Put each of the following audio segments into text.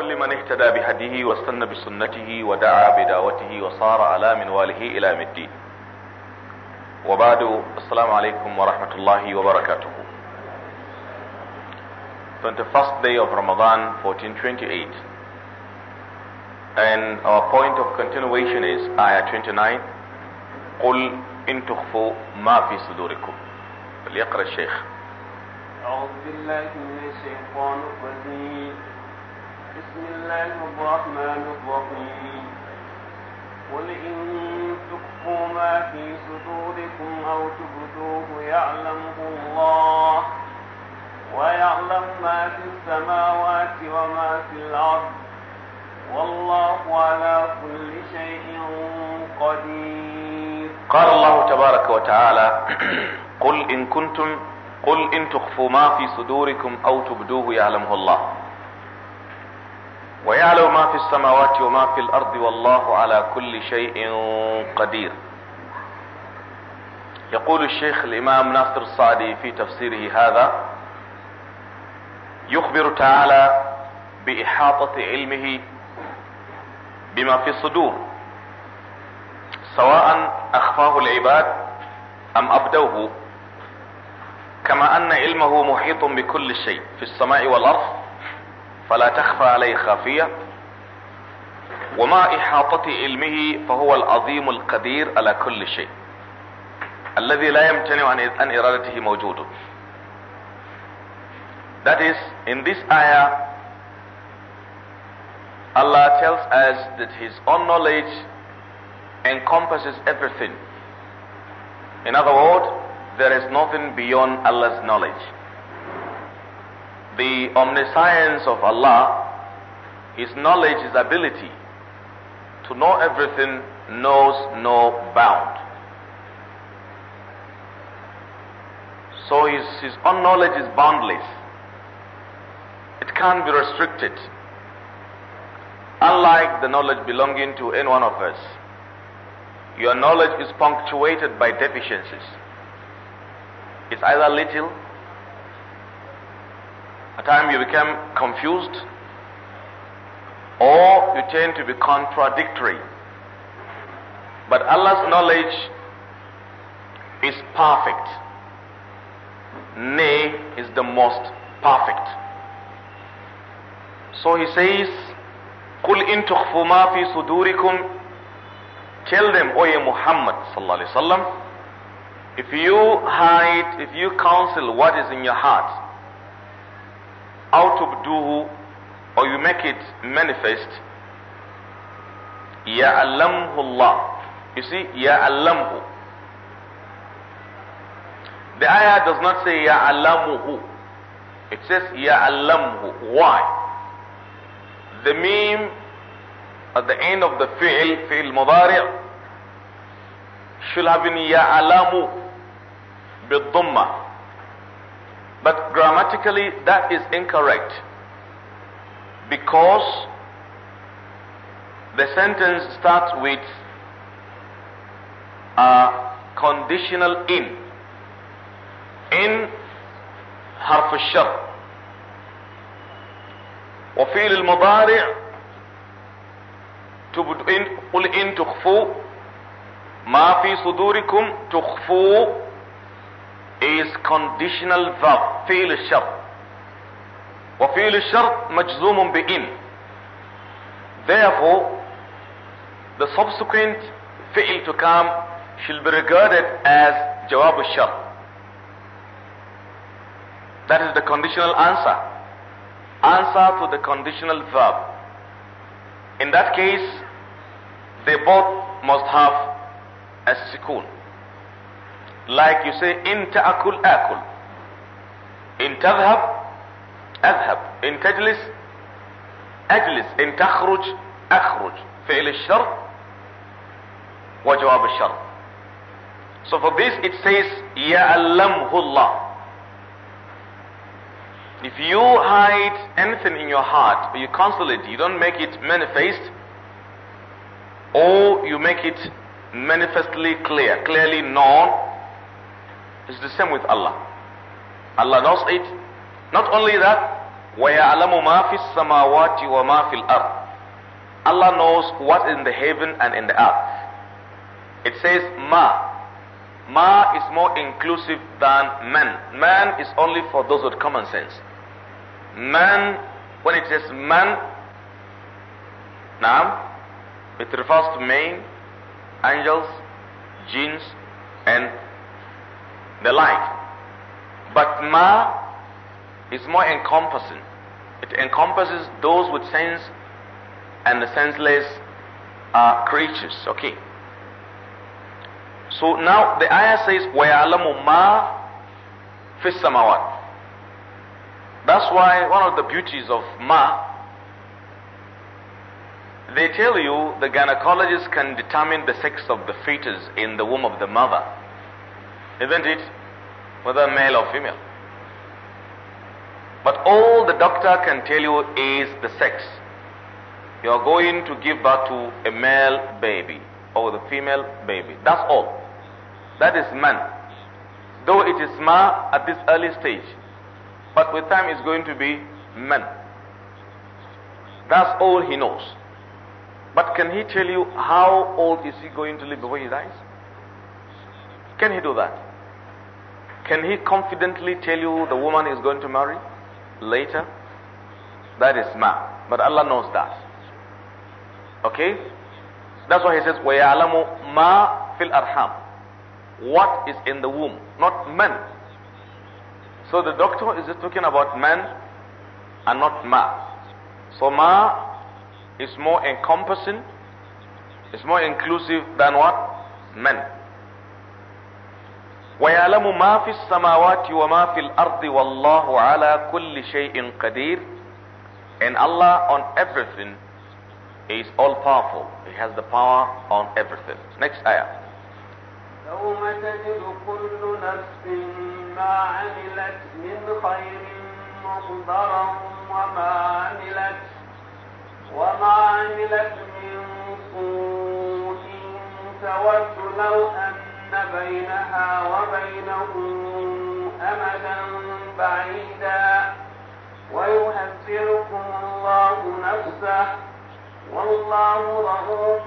كل من اهتدى بهديه واستنى بسنته ودعا بدعوته وصار على من واله الى مدين وبعد السلام عليكم ورحمة الله وبركاته 21st day of Ramadan 1428 and our point of continuation is ayah 29 قل إن تخفوا ما في صدوركم فليقرأ الشيخ أعوذ بالله من الشيطان الرجيم بسم الله الرحمن الرحيم قل إن تخفوا ما في صدوركم أو تبدوه يعلمه الله ويعلم ما في السماوات وما في الأرض والله على كل شيء قدير قال الله تبارك وتعالى قل إن كنتم قل إن تخفوا ما في صدوركم أو تبدوه يعلمه الله ويعلم ما في السماوات وما في الارض والله على كل شيء قدير يقول الشيخ الامام ناصر الصعدي في تفسيره هذا يخبر تعالى باحاطه علمه بما في الصدور سواء اخفاه العباد ام ابدوه كما ان علمه محيط بكل شيء في السماء والارض فلا تخفى عليه خافية ومع إحاطة علمه فهو العظيم القدير على كل شيء الذي لا يمتنع عن إرادته موجود That is, in this ayah, Allah tells us that His own knowledge encompasses everything. In other words, there is nothing beyond Allah's knowledge. the omniscience of Allah, His knowledge, His ability to know everything, knows no bound. So His, his own knowledge is boundless, it can't be restricted, unlike the knowledge belonging to any one of us. Your knowledge is punctuated by deficiencies. It's either little at times you become confused or you tend to be contradictory. But Allah's knowledge is perfect. Nay, is the most perfect. So he says, قُلْ إِن تُخْفُوا مَا فِي صُدُورِكُمْ Tell them, O ye Muhammad sallallahu alaihi wasallam, if you hide, if you counsel what is in your heart, out of duhu or you make it manifest يَعْلَمْهُ Allah. You see, ya يَعْلَمْهُ The ayah does not say ya allamuhu It says ya يَعْلَمْهُ. Why? The meme at the end of the fi'l, fi'l mudari' should have been alamu. بِالضُّمَّةِ but grammatically, that is incorrect because the sentence starts with a conditional in. In harf حرف الشر وفعل المضارع قل إن تخفوا ما في صدوركم تخفوا is conditional verb فعل الشرط وفعل الشرط مجزوم بإن therefore the subsequent fail to come shall be regarded as jawab الشرط that is the conditional answer answer to the conditional verb in that case they both must have a sukun like you say, in ta'akul akul. In tadhhab, اذهب. In تجلس, a'jlis, In تخرج, اخرج. فعل الشر وجواب shar So for this it says, يَأَلَّمْهُ Allah. if you hide anything in your heart, or you conceal it, you don't make it manifest, or you make it manifestly clear, clearly known, it's the same with Allah. Allah knows it. Not only that, وَيَعْلَمُ مَا فِي السَّمَاوَاتِ وَمَا فِي الْأَرْضِ Allah knows what's in the heaven and in the earth. It says ma. Ma is more inclusive than man. Man is only for those with common sense. Man, when it says man, now it refers to men, angels, jinns, and the like. But ma is more encompassing. It encompasses those with sense and the senseless uh, creatures. Okay. So now the ayah says, وَيَعْلَمُ مَا فِي السَّمَوَاتِ That's why one of the beauties of ma, they tell you the gynecologist can determine the sex of the fetus in the womb of the mother. Isn't it? Whether male or female. But all the doctor can tell you is the sex. You are going to give birth to a male baby or the female baby. That's all. That is man. Though it is ma at this early stage, but with time it's going to be man. That's all he knows. But can he tell you how old is he going to live before he dies? Can he do that? Can he confidently tell you the woman is going to marry later? That is ma. But Allah knows that. Okay? That's why he says, وَيَعْلَمُ ma fil arham. What is in the womb, not men. So the doctor is talking about men and not ma. So ma is more encompassing, is more inclusive than what? Men. ويعلم ما في السماوات وما في الأرض والله على كل شيء قدير and Allah on everything is all powerful He has the power on everything next ayah يوم تجد كل نفس ما عملت من خير مصدرا وما عملت وما عملت من سوء تود لو أن ان بينها وبينه أمدا بعيدا ويهذركم الله نفسه والله رؤوف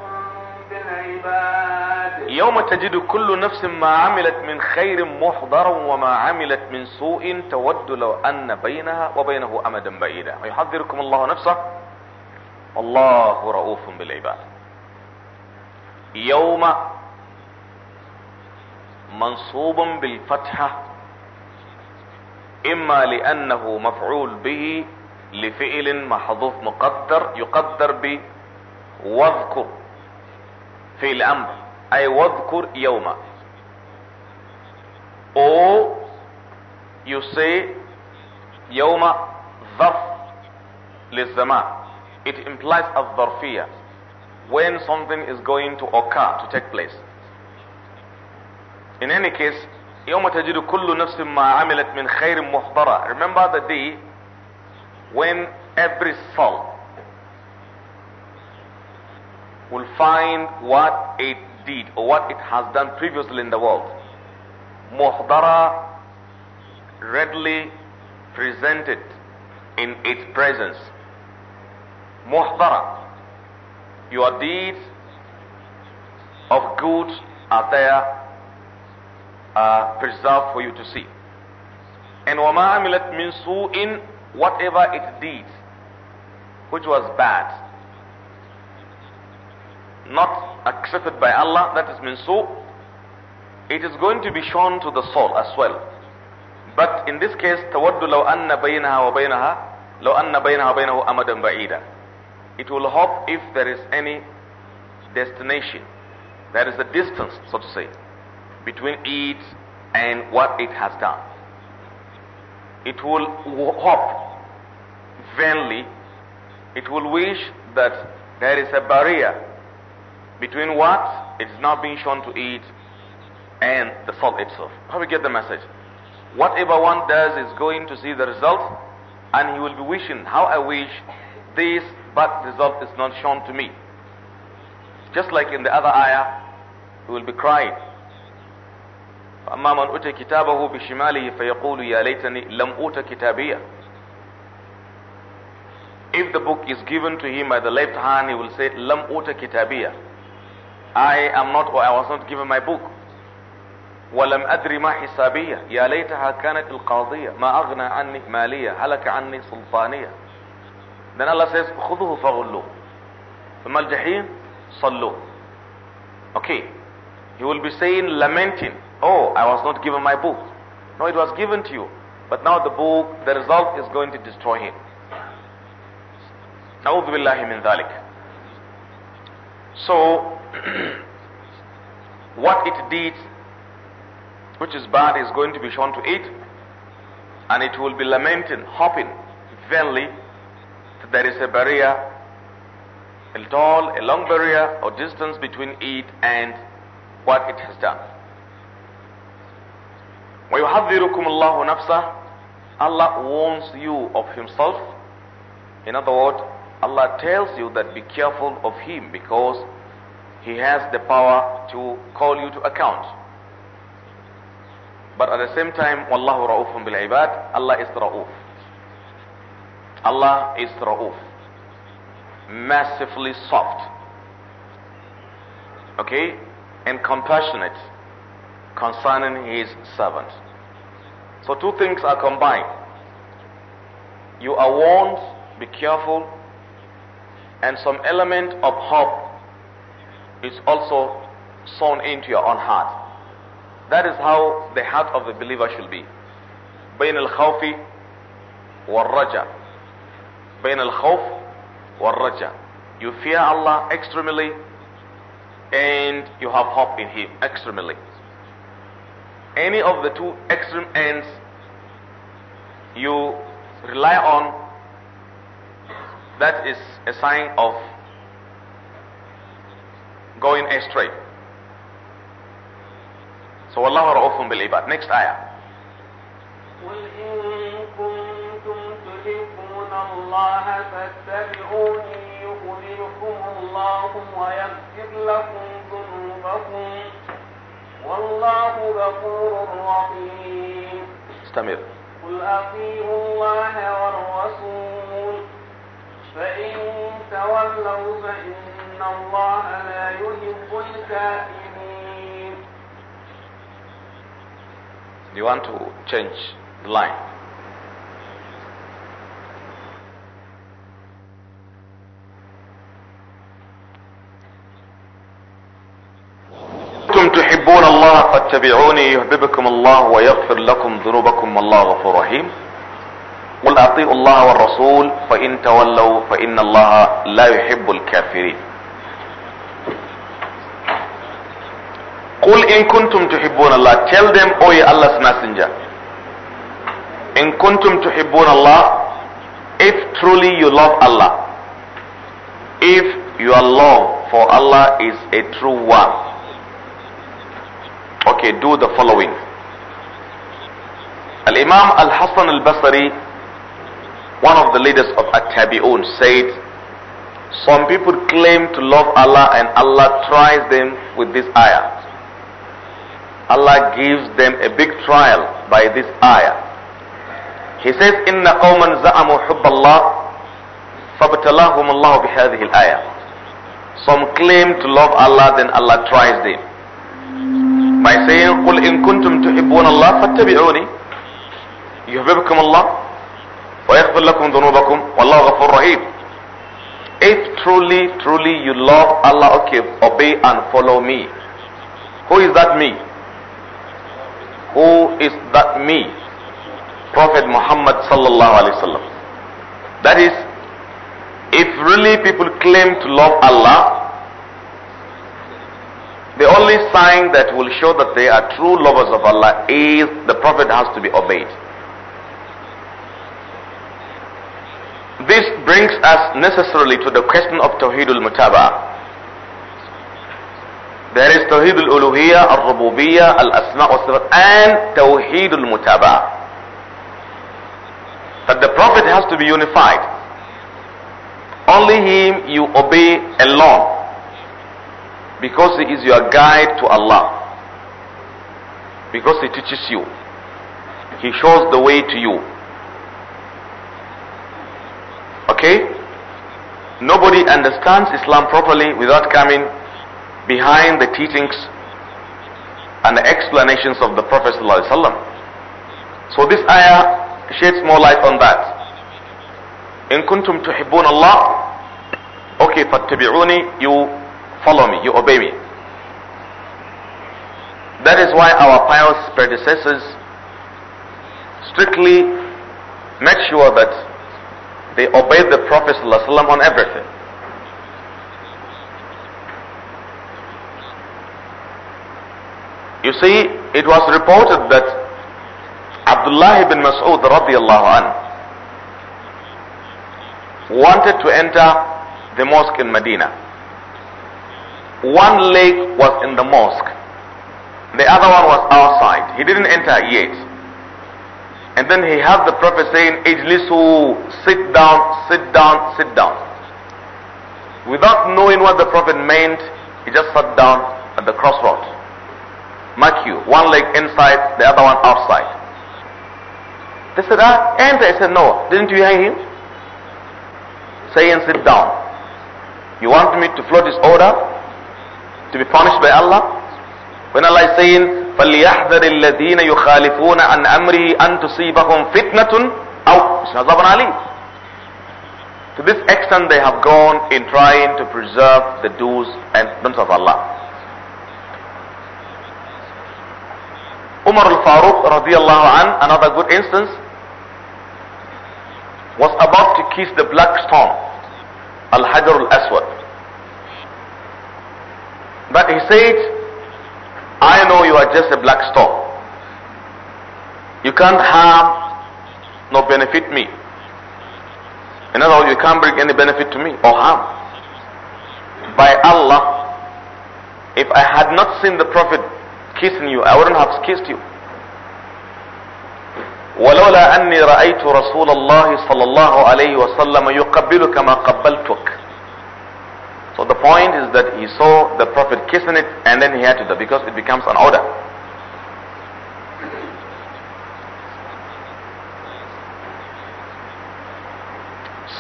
بالعباد يوم تجد كل نفس ما عملت من خير محضرا وما عملت من سوء تود لو أن بينها وبينه أمدا بعيدا ويحذركم الله نفسه والله رؤوف بالعباد يوم منصوب بالفتحة إما لأنه مفعول به لفعل محظوظ مقدر يقدر واذكر في الأمر أي واذكر يوما أو يسي يوم ظرف للزمان it implies ظرفية when something is going to occur to take place In any case, يوم تجد كل نفس ما عملت من خير محضرة. Remember the day when every soul will find what it did or what it has done previously in the world. Muhdara readily presented in its presence. Muhdara, your deeds of good are there preserved for you to see. And وَمَا عَمِلَتْ مِنْ سُوءٍ Whatever it did, which was bad, not accepted by Allah, that is min su, it is going to be shown to the soul as well. But in this case, تَوَدُّ لَوْ أَنَّ بَيْنَهَا وَبَيْنَهَا لَوْ أَنَّ بَيْنَهَا وَبَيْنَهُ أَمَدًا بَعِيدًا It will hope if there is any destination, there is a distance, so to say, between it and what it has done. It will hope vainly, it will wish that there is a barrier between what is not being shown to it and the fault itself. How we get the message? Whatever one does is going to see the result, and he will be wishing, How I wish this bad result is not shown to me. Just like in the other ayah, he will be crying, فأما من أوتي كتابه بشماله فيقول يا ليتني لم أوت كتابية If the book is given to him by the left hand, he will say, Lam uta kitabiya. I am not, or I was not given my book. Walam adri ma hisabiya. Ya laytaha kanat al القاضية Ma aghna anni مالية Halaka anni سلطانية Then Allah says خذوه فغلوه ثم jaheen sallu. Okay He will be saying lamenting Oh, I was not given my book. No, it was given to you. But now the book, the result is going to destroy him. Na'udhu billahi min dhalik. So, what it did, which is bad, is going to be shown to it, and it will be lamenting, hoping vainly that there is a barrier, a tall, a long barrier or distance between it and what it has done. وَيُحَذِّرُكُمُ اللَّهُ نَفْسَهُ Allah warns you of himself. In other words, Allah tells you that be careful of him because he has the power to call you to account. But at the same time, Wallahu Ra'ufun bil ibad, Allah is Ra'uf. Allah is Ra'uf. Massively soft. Okay? And compassionate concerning his servant. So two things are combined. You are warned, be careful, and some element of hope is also sown into your own heart. That is how the heart of the believer should be. بين الخوف والرجاء بين الخوف والرجاء You fear Allah extremely and you have hope in Him extremely any of the two extreme ends you rely on, that is a sign of going astray. So Allah ra'ufun bil ibad. Next ayah. الله فاتبعوني الله ويغفر لكم ذنوبكم والله غفور رحيم استمر قل أطيعوا الله والرسول فإن تولوا فإن الله لا يحب الكافرين Do you want to change the line? تحبون الله فاتبعوني يحببكم الله ويغفر لكم ذنوبكم والله غفور رحيم قل اطيعوا الله والرسول فان تولوا فان الله لا يحب الكافرين قل ان كنتم تحبون الله tell them او يا الله messenger ان كنتم تحبون الله if truly you love Allah if your love for Allah is a true one Okay, do the following. Al-Imam Al-Hasan Al-Basri, one of the leaders of At-Tabi'un said, some people claim to love Allah and Allah tries them with this ayah. Allah gives them a big trial by this ayah. He says, إِنَّ قَوْمًا hubba Allah, اللَّهِ Allah اللَّهُ بِهَذِهِ الْآيَةِ Some claim to love Allah, then Allah tries them. by saying قل إن كنتم تحبون الله فاتبعوني يحببكم الله ويغفر لكم ذنوبكم والله غفور رحيم If truly, truly you love Allah, okay, obey and follow me. Who is that me? Who is that me? Prophet Muhammad sallallahu alaihi wasallam. That is, if really people claim to love Allah, The only sign that will show that they are true lovers of Allah is the Prophet has to be obeyed. This brings us necessarily to the question of Tawheedul Mutaba. There is Tawheedul Uluhiyya, Al Rububiyyah, Al Asma al Sifat, and Tawheedul Mutaba. That the Prophet has to be unified. Only him you obey alone. Because He is your guide to Allah. Because He teaches you. He shows the way to you. Okay? Nobody understands Islam properly without coming behind the teachings and the explanations of the Prophet ﷺ. So this ayah sheds more light on that. إن كنتم تحبون الله okay, فاتبعوني you Follow me, you obey me. That is why our pious predecessors strictly made sure that they obeyed the Prophet ﷺ on everything. You see, it was reported that Abdullah ibn Mas'ud radiallahu an wanted to enter the mosque in Medina. One leg was in the mosque. The other one was outside. He didn't enter yet. And then he heard the prophet saying, Ijlisu, sit down, sit down, sit down. Without knowing what the prophet meant, he just sat down at the crossroad. Mark you, one leg inside, the other one outside. They said, ah, enter. I said, no, didn't you hear him? Saying, sit down. You want me to float his order? to be punished by Allah? When Allah is saying, فَلْيَحْذَرِ الَّذِينَ يُخَالِفُونَ عَنْ أَمْرِهِ أَن تُصِيبَهُمْ فِتْنَةٌ أَوْ عَذَابٌ عَلِيمٌ To this extent they have gone in trying to preserve the do's and don'ts of Allah. Umar al-Faruq radiallahu an, another good instance, was about to kiss the black stone, al-Hajar al-Aswad. But he said, I know you are just a black star. You can't harm nor benefit me. In other words, you can't bring any benefit to me or harm. By Allah, if I had not seen the Prophet kissing you, I wouldn't have kissed you. ولولا أني رأيت رسول الله صلى الله عليه وسلم يقبلك ما قبلتك so the point is that he saw the Prophet kissing it and then he had to do because it becomes an order.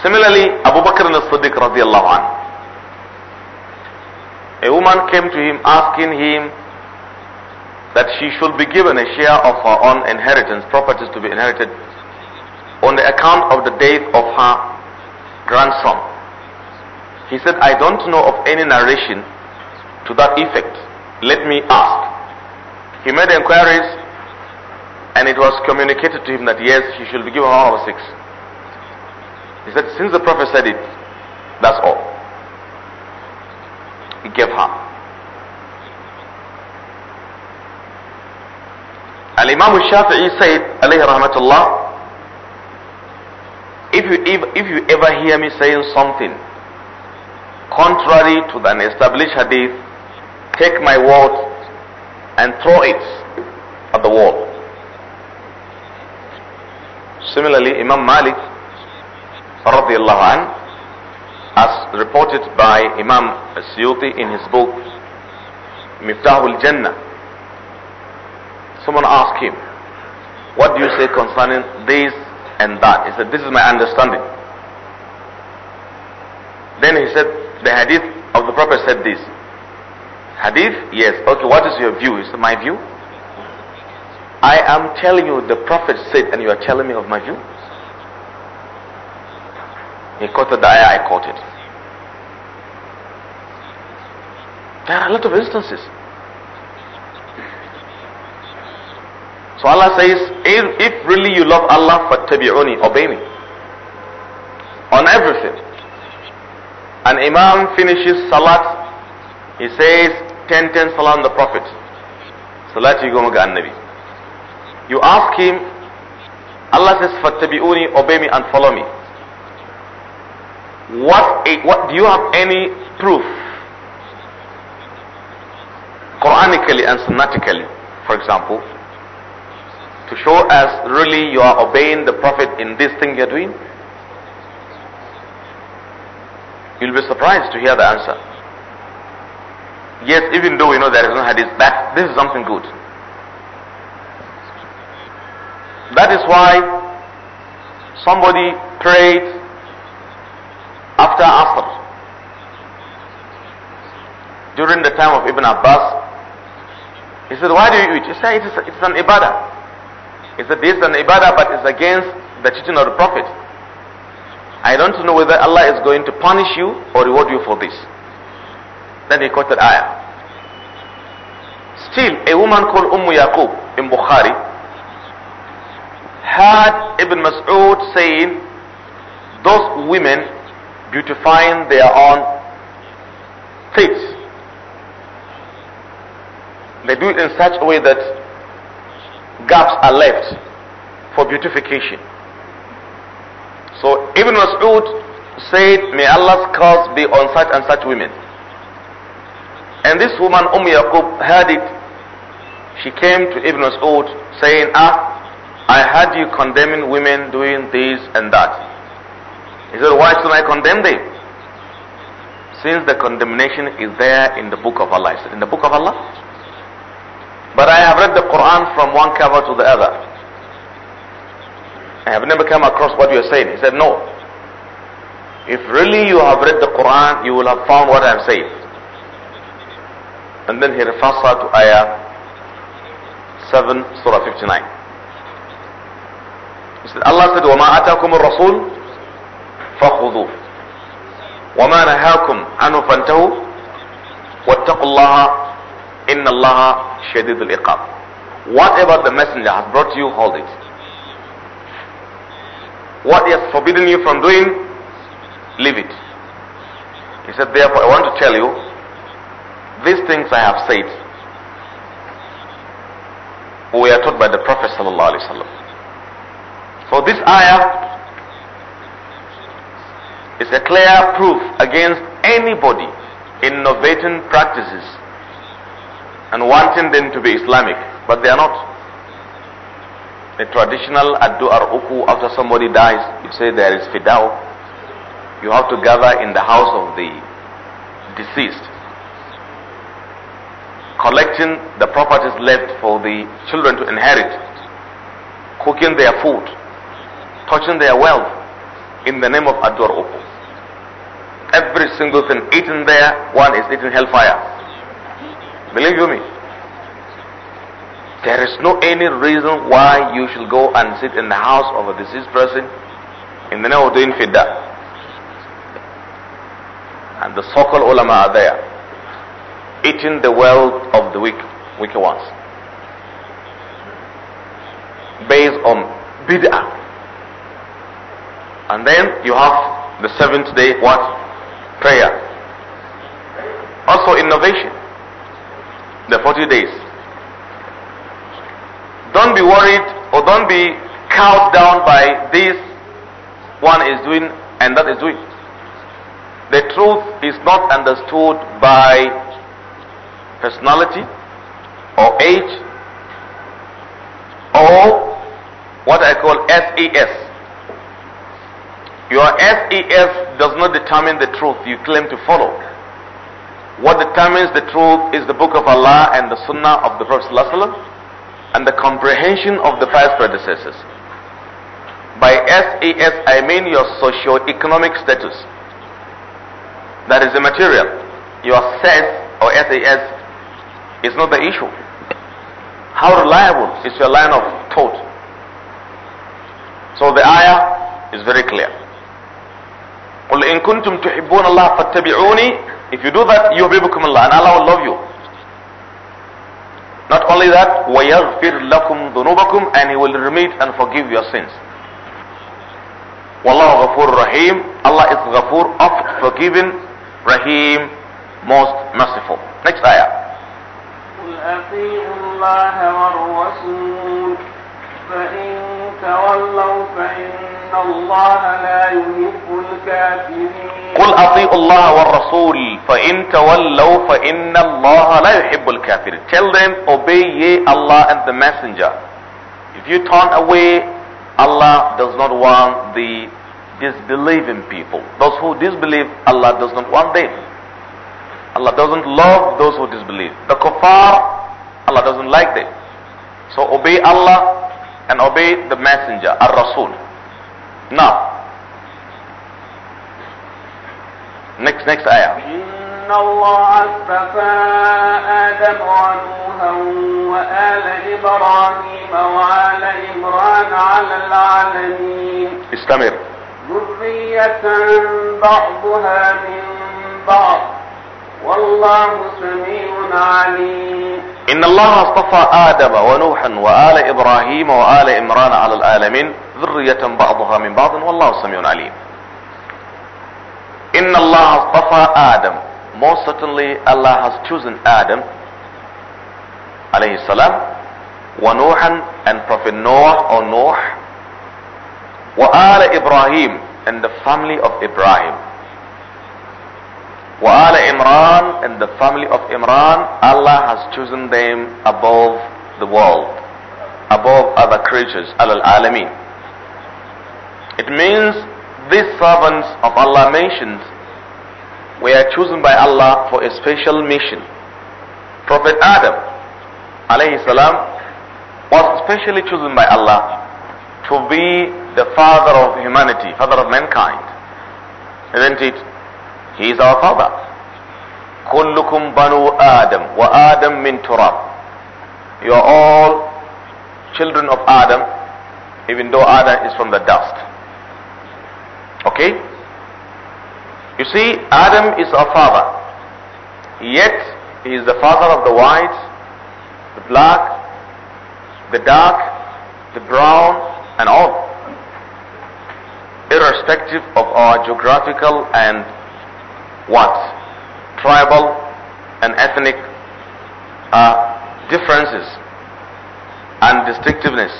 Similarly, Abu Bakr al-Siddiq radiallahu anh, a woman came to him asking him that she should be given a share of her own inheritance, properties to be inherited on the account of the death of her grandson. He said, I don't know of any narration to that effect. Let me ask. He made inquiries and it was communicated to him that yes, he should be given one over six. He said, since the prophet said it, that's all. He gave her. Al Imam Shafi'i said, alayhi rahmatullah, if you, if, if you ever hear me saying something contrary to an established hadith, take my word and throw it at the wall. Similarly, Imam Malik radiallahu an, as reported by Imam Suyuti in his book Miftahul Jannah, someone asked him, what do you say concerning this and that? He said, this is my understanding. Then he said, the hadith of the Prophet said this. Hadith? Yes. Okay, what is your view? Is it my view? I am telling you the Prophet said and you are telling me of my view? He quoted the ayah I quoted. There are a lot of instances. So Allah says, if, if really you love Allah, فَاتَّبِعُونِ Obey me. On everything. An Imam finishes Salat, he says, 10 10 Salam the Prophet. Salat you go Nabi. You ask him, Allah says, Fattabi'uni, obey me and follow me. What, what do you have any proof? Quranically and Sunnatically, for example, to show us really you are obeying the Prophet in this thing you're doing? You'll be surprised to hear the answer. Yes, even though we know there is no hadith, that this is something good. That is why somebody prayed after Asr during the time of Ibn Abbas. He said, Why do you eat? He said, It's, it's an ibadah. He said, This is an ibadah, but it's against the teaching of the Prophet. I don't know whether Allah is going to punish you or reward you for this. Then he quoted ayah. Still, a woman called Umm Yaqub in Bukhari had Ibn Mas'ud saying, those women beautifying their own feet. They do it in such a way that gaps are left for beautification. So Ibn Mas'ud said, May Allah's curse be on such and such women. And this woman, Umm Yaqub, heard it. She came to Ibn Mas'ud saying, Ah, I heard you condemning women doing this and that. He said, Why should I condemn them? Since the condemnation is there in the book of Allah. Said, in the book of Allah? But I have read the Quran from one cover to the other. I have never come across what you are saying. He said, No. If really you have read the Quran, you will have found what I am saying. And then he refers to ayah 7, surah 59. He said, Allah said, وَمَا أَتَاكُمُ الرَّسُولُ فَخُذُوهُ وَمَا نَهَاكُمْ عَنْهُ فَانْتَهُوا وَاتَّقُوا اللَّهَ إِنَّ اللَّهَ شَدِيدُ الْإِقَابِ Whatever the messenger has brought you, hold it. What he has forbidden you from doing, leave it. He said, therefore, I want to tell you, these things I have said we are taught by the Prophet sallallahu So this ayah is a clear proof against anybody innovating practices and wanting them to be Islamic, but they are not. The traditional addu ar after somebody dies, you say there is fidao. You have to gather in the house of the deceased, collecting the properties left for the children to inherit, cooking their food, touching their wealth in the name of addu ar Every single thing eaten there, one is eating hellfire. Believe you me? There is no any reason why you should go and sit in the house of a deceased person in the name of doing fiddah. And the so-called ulama are there, eating the wealth of the weak, weaker ones, based on bid'ah. And then you have the seventh day what? Prayer. Also innovation. The 40 days don't be worried or don't be cowed down by this one is doing and that is doing. The truth is not understood by personality or age or what I call SES. Your SES does not determine the truth you claim to follow. What determines the truth is the book of Allah and the sunnah of the Prophet Sallallahu Alaihi Wasallam and the comprehension of the five predecessors. By SAS, I mean your socio-economic status. That is the material. Your SAS or SAS is not the issue. How reliable is your line of thought? So the ayah is very clear. قُلْ إِن كُنْتُمْ تُحِبُّونَ اللَّهَ فَاتَّبِعُونِي If you do that, يُحْبِبُكُمْ Allah, And Allah will love you. Not only that, وَيَغْفِرْ لَكُمْ ذُنُوبَكُمْ And He will remit and forgive your sins. Wallahu Ghafur Rahim. Allah is Ghafur, of forgiving, Rahim, most merciful. Next ayah. فإن تولوا فإن الله لا يحب الكافرين قل أطيعوا الله والرسول فإن تولوا فإن الله لا يحب الكافرين Tell them obey ye Allah and the messenger If you turn away Allah does not want the disbelieving people Those who disbelieve Allah does not want them Allah doesn't love those who disbelieve The kuffar Allah doesn't like them So obey Allah and obey the messenger, Ar-Rasul. Now, next, next ayah. إن الله اصطفى آدم ونوحا وآل إبراهيم وآل عمران على العالمين استمر ذرية بعضها من بعض والله سميع عليم إن الله اصطفى آدم ونوحا وآل إبراهيم وآل إمران على العالمين ذرية بعضها من بعض والله سميع عليم إن الله اصطفى آدم Most certainly Allah has chosen Adam عليه السلام ونوحا and Prophet Noah or Noah وآل إبراهيم and the family of Ibrahim وَآلَ Imran and the family of Imran, Allah has chosen them above the world, above other creatures, al alamin. It means these servants of Allah mentioned were chosen by Allah for a special mission. Prophet Adam, alayhi salam, was specially chosen by Allah to be the father of humanity, father of mankind. Isn't it? He is our father. Kullukum banu Adam wa Adam min turab. You are all children of Adam, even though Adam is from the dust. Okay? You see, Adam is our father. Yet, he is the father of the white, the black, the dark, the brown, and all irrespective of our geographical and what? Tribal and ethnic uh, differences and distinctiveness.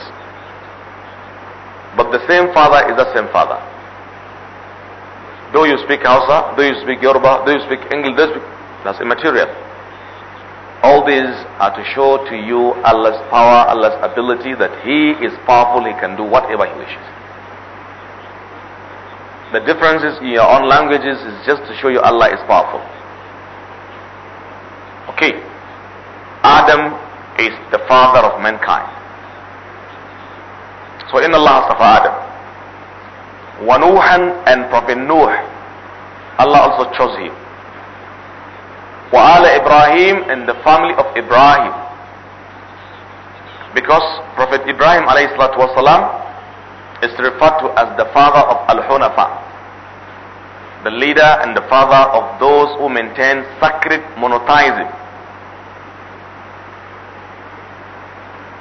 But the same father is the same father. Do you speak Hausa? Do you speak Yoruba? Do you speak English? You speak? That's immaterial. All these are to show to you Allah's power, Allah's ability that He is powerful, He can do whatever He wishes. The differences in your own languages is just to show you Allah is powerful. Okay. Adam is the father of mankind. So in the last of Adam. Wanuhan and Prophet Nuh. Allah also chose him. Wa ala Ibrahim and the family of Ibrahim. Because Prophet Ibrahim alayhi salatu wasalam is referred to as the father of Al-Hunafa, the leader and the father of those who maintain sacred monotheism.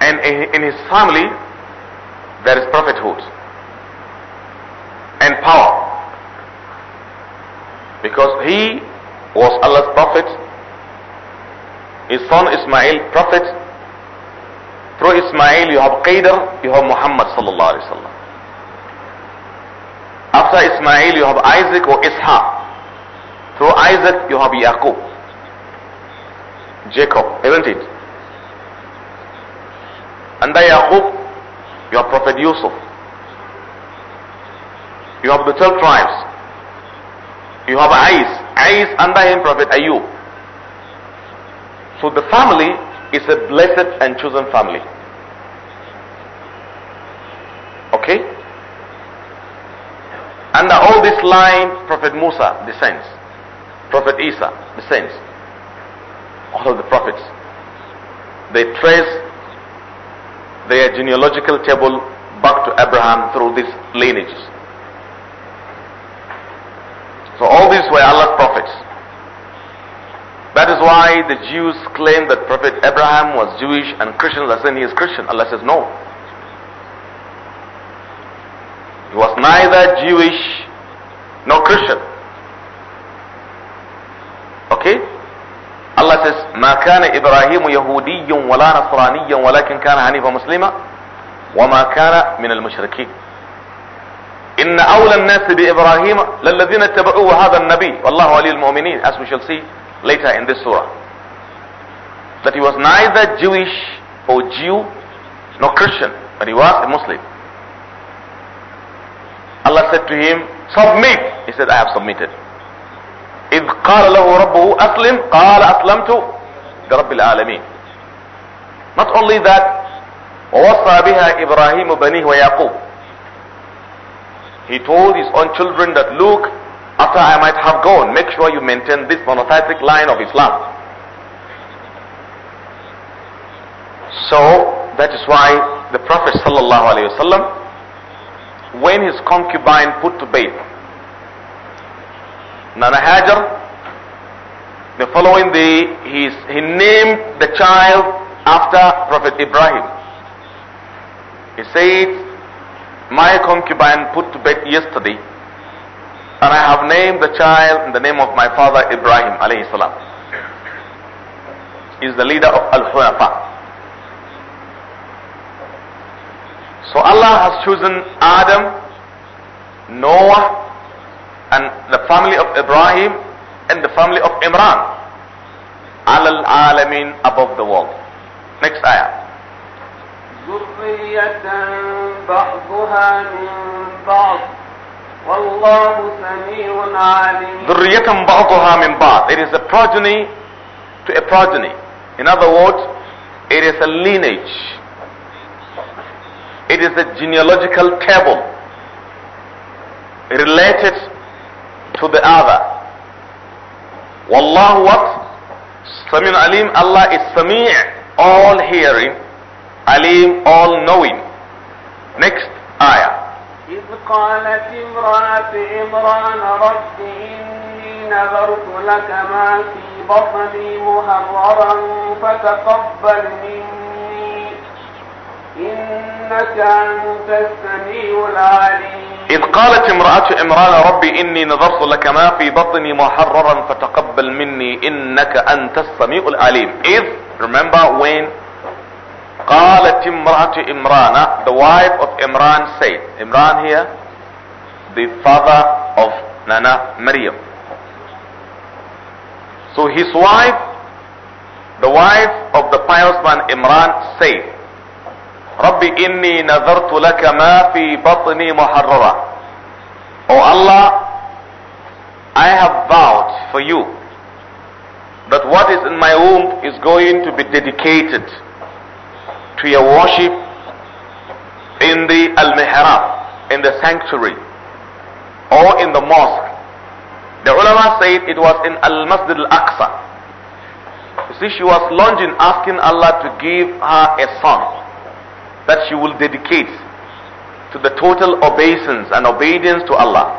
And in his family, there is prophethood and power. Because he was Allah's prophet, his son Ismail, prophet. Through Ismail, you have Qadr, you have Muhammad sallallahu alaihi wasallam. After Ismail, you have Isaac or Ishaq. Through Isaac, you have Yaqub. Jacob, isn't it? Under Yaqub, you have Prophet Yusuf. You have the 12 tribes. You have Ais. Ais, under him, Prophet Ayub. So the family is a blessed and chosen family. Okay? this line, Prophet Musa descends. Prophet Isa descends. All of the prophets. They trace their genealogical table back to Abraham through these lineages. So all these were Allah's prophets. That is why the Jews claim that Prophet Abraham was Jewish and Christians are saying he is Christian. Allah says no. He was neither Jewish no Christian. Okay? Allah says, ما كان إبراهيم يهوديا ولا نصرانيا ولكن كان حنيفا مسلما وما كان من المشركين إن أولى الناس بإبراهيم للذين اتبعوه هذا النبي والله ولي المؤمنين as we shall see later in this surah that he was neither Jewish or Jew nor Christian but he was a Muslim Allah said to him Submit. He said, I have submitted. إذ قال له ربه أسلم قال أسلمت لرب العالمين. Not only that, ووصى بها إبراهيم بنيه ويعقوب. He told his own children that, look, after I might have gone, make sure you maintain this monotheistic line of Islam. So that is why the Prophet sallallahu alaihi wasallam when his concubine put to bed. Nana Hajar, the following day, he's, he named the child after Prophet Ibrahim. He said, My concubine put to bed yesterday, and I have named the child in the name of my father Ibrahim He's salam. Is the leader of Al-Hunafa. So Allah has chosen Adam, Noah, and the family of Ibrahim and the family of Imran. Al Alamin above the world. Next ayah. It is a progeny to a progeny. In other words, it is a lineage it is a genealogical table related to the other. Wallahu what? Samin Alim, Allah is Sami' all hearing, Alim all knowing. Next ayah. إذ قالت امرأة عمران رب إني نذرت لك ما في بطني محررا فتقبل مني إنك أنت السميع العليم إذ قالت امرأة عمران ربي إني نظرت لك ما في بطني محررا فتقبل مني إنك أنت السميع العليم إذ remember when قالت امرأة عمران the wife of Imran said Imran here the father of Nana Maryam so his wife the wife of the pious man Imran said Rabbi inni nazartu laka ma fi batni muharrara. O Allah, I have vowed for you that what is in my womb is going to be dedicated to your worship in the al-mihrab, in the sanctuary, or in the mosque. The ulama said it was in al-masjid al-aqsa. You see, she was longing, asking Allah to give her a son that she will dedicate to the total obeisance and obedience to Allah,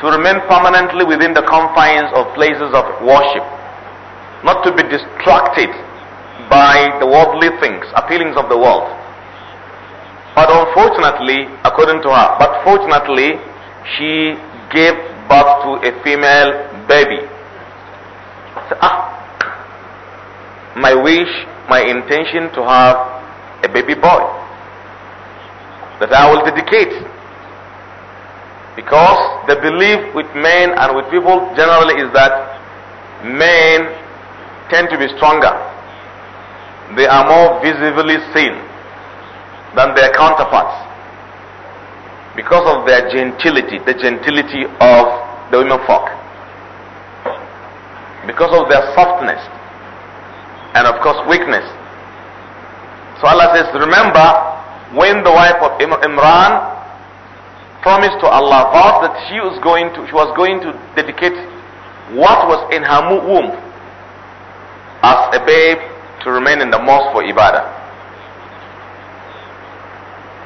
to remain permanently within the confines of places of worship, not to be distracted by the worldly things, appealings of the world. But unfortunately, according to her, but fortunately, she gave birth to a female baby. So, ah, my wish, my intention to have a baby boy that I will dedicate. Because the belief with men and with people generally is that men tend to be stronger. They are more visibly seen than their counterparts because of their gentility, the gentility of the women folk, because of their softness, and of course weakness. So Allah says, remember when the wife of Imran promised to Allah, vowed that she was going to, she was going to dedicate what was in her womb as a babe to remain in the mosque for ibadah.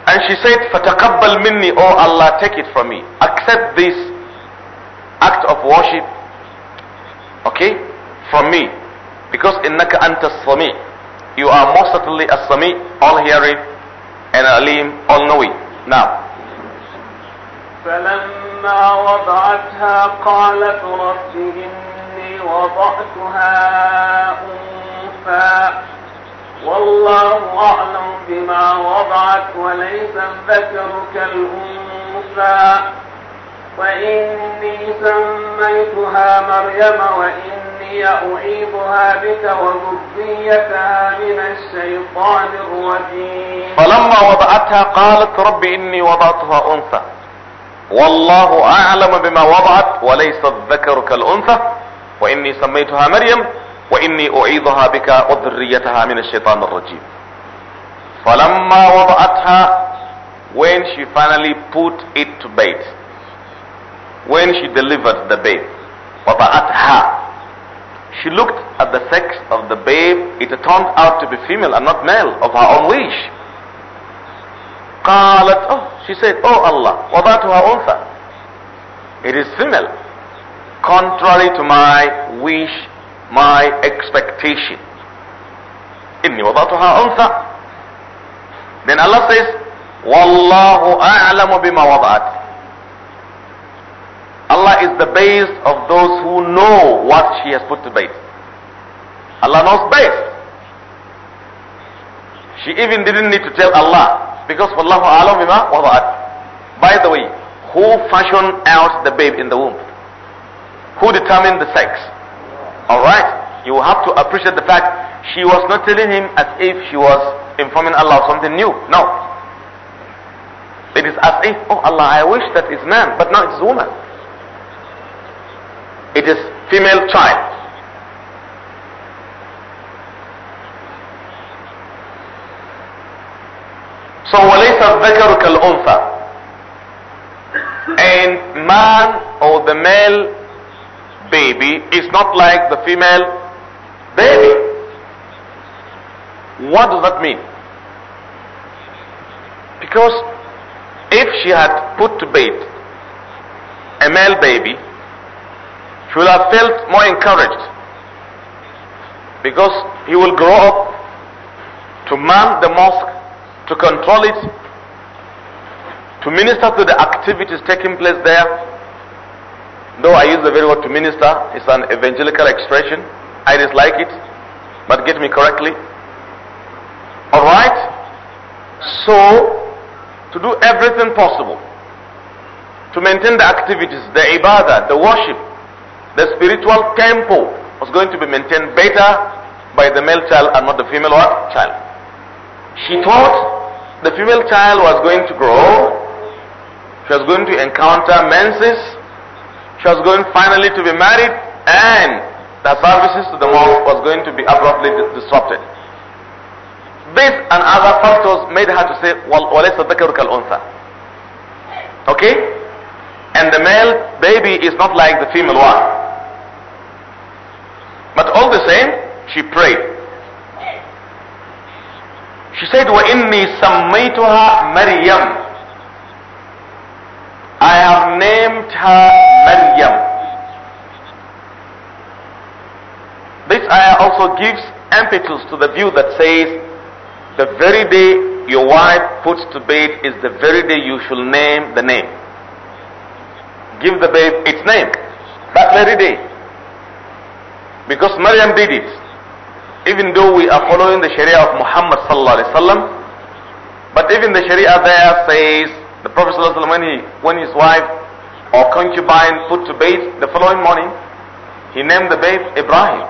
And she said, فَتَقَبَّلْ minni, O Allah, take it from me. Accept this act of worship, okay, from me. Because إِنَّكَ أَنْتَ Sami, You are most certainly a sami all-hearing, and Alim, all knowing. Now. فلما وضعتها قالت رب إني وضعتها أنثى والله أعلم بما وضعت وليس الذكر كالأنثى وإني سميتها مريم وإن هي أعيبها بك وذريتها من الشيطان الرجيم فلما وضعتها قالت رب إني وضعتها أنثى والله أعلم بما وضعت وليس الذكر كالأنثى وإني سميتها مريم وإني أعيذها بك وذريتها من الشيطان الرجيم فلما وضعتها when she finally put it to bed when she delivered the babe وضعتها She looked at the sex of the babe. It turned out to be female and not male of her own wish. قالت oh, she said oh Allah وضعتها أنثى it is female contrary to my wish my expectation إني وضعتها أنثى then Allah says والله أعلم بما وضعت Allah is the best of those who know what she has put to base. Allah knows best. She even didn't need to tell Allah because Wallahu alam bima wada'at. By the way, who fashioned out the babe in the womb? Who determined the sex? Alright, you have to appreciate the fact she was not telling him as if she was informing Allah of something new. No. It is as if, oh Allah, I wish that is man, but now it's woman it is female child. So وَلَيْسَ الذَّكَرُ كَالْأُنْثَى And man or the male baby is not like the female baby. What does that mean? Because if she had put to bed a male baby, he will have felt more encouraged because he will grow up to man the mosque, to control it, to minister to the activities taking place there. Though I use the very word to minister, it's an evangelical expression. I dislike it, but get me correctly. Alright? So, to do everything possible, to maintain the activities, the ibadah, the worship, the spiritual temple was going to be maintained better by the male child and not the female child. She thought the female child was going to grow, she was going to encounter menses, she was going finally to be married, and the services to the mosque was going to be abruptly disrupted. This and other factors made her to say, well, Okay? And the male baby is not like the female one. But all the same, she prayed. She said, وَإِنِّي سَمَّيْتُهَا مَرْيَمْ I have named her Maryam. This ayah also gives impetus to the view that says, the very day your wife puts to bed is the very day you shall name the name. Give the babe its name. That very day. Because Maryam did it. Even though we are following the Sharia of Muhammad sallallahu alaihi wasallam, but even the Sharia there says the Prophet sallallahu alaihi wasallam when he when his wife or concubine put to bed the following morning, he named the babe Ibrahim.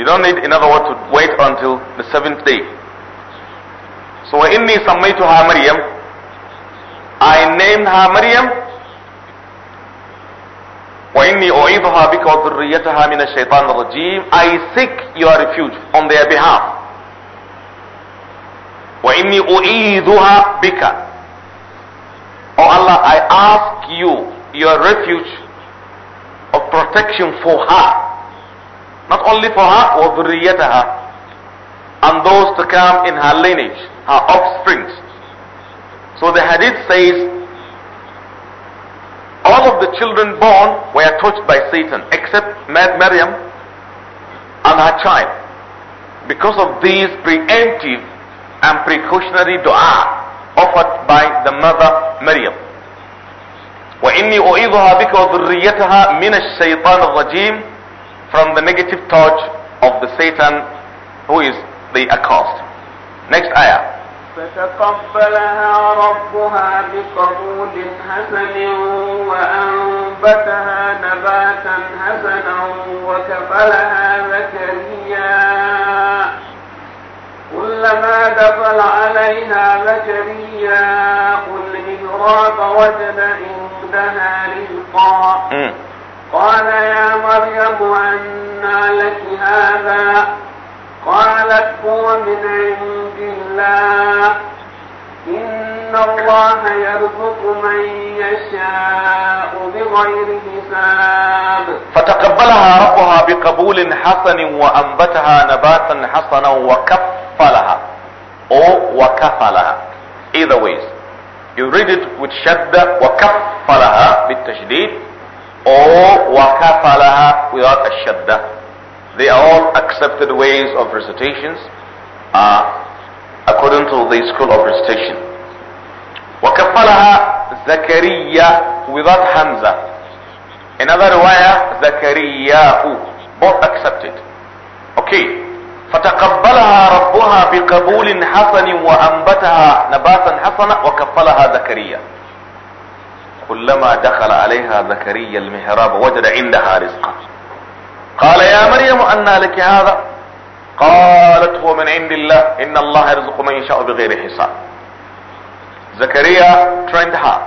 You don't need, in other words, to wait until the seventh day. So, وَإِنِّي سَمَّيْتُهَا مَرْيَمْ I named her Maryam وإني أُعِيدُهَا بك وذريتها من الشيطان الرجيم I seek your refuge on their behalf وإني أُعِيدُهَا بك Oh Allah, I ask you your refuge of protection for her. Not only for her, وذريتها and those to come in her lineage, her offspring. So the hadith says all of the children born were touched by Satan except Mad Maryam and her child because of these preemptive and precautionary dua offered by the mother Maryam. وإني أعيذها بك وذريتها من الشيطان الرجيم from the negative touch of the Satan who is the accursed. Next ayah. فتقبلها ربها بقبول حسن وأنبتها نباتا حسنا وكفلها زكريا كلما دخل عليها زكريا المهراب وجد عندها رزقا قال يا مريم أنى لك هذا قالت هو من عند الله إن الله يرزق من يشاء بغير حساب فتقبلها ربها بقبول حسن وأنبتها نباتا حسنا وكفلها أو وكفلها either ways you read it with شدة وكفلها بالتشديد أو وكفلها without الشدة They are all accepted ways of recitations uh, according to the school of recitation. وكفلها زكريا without Hamza. Another other riwayah, زكريا both accepted. Okay. فتقبلها ربها بقبول حسن وأنبتها نباتا حسنا وكفلها زكريا كلما دخل عليها زكريا المهراب وجد عندها رزقا قال يا مريم أن لك هذا قالت هو من عند الله إن الله يرزق من يشاء بغير حساب زكريا ترندها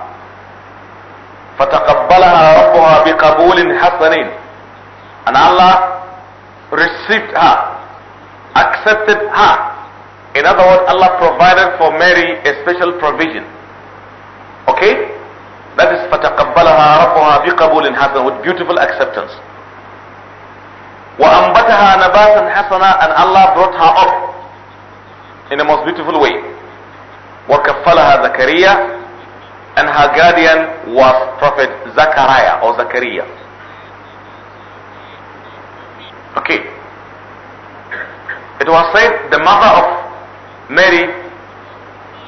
فتقبلها ربها بقبول حسن أن Allah received her accepted her in other words Allah provided for Mary a special provision okay that is فتقبلها ربها بقبول حسن with beautiful acceptance وأنبتها نباتا حسنا and Allah brought her up in a most beautiful way وكفلها زكريا and her guardian was prophet Zachariah or Zachariah okay it was said the mother of Mary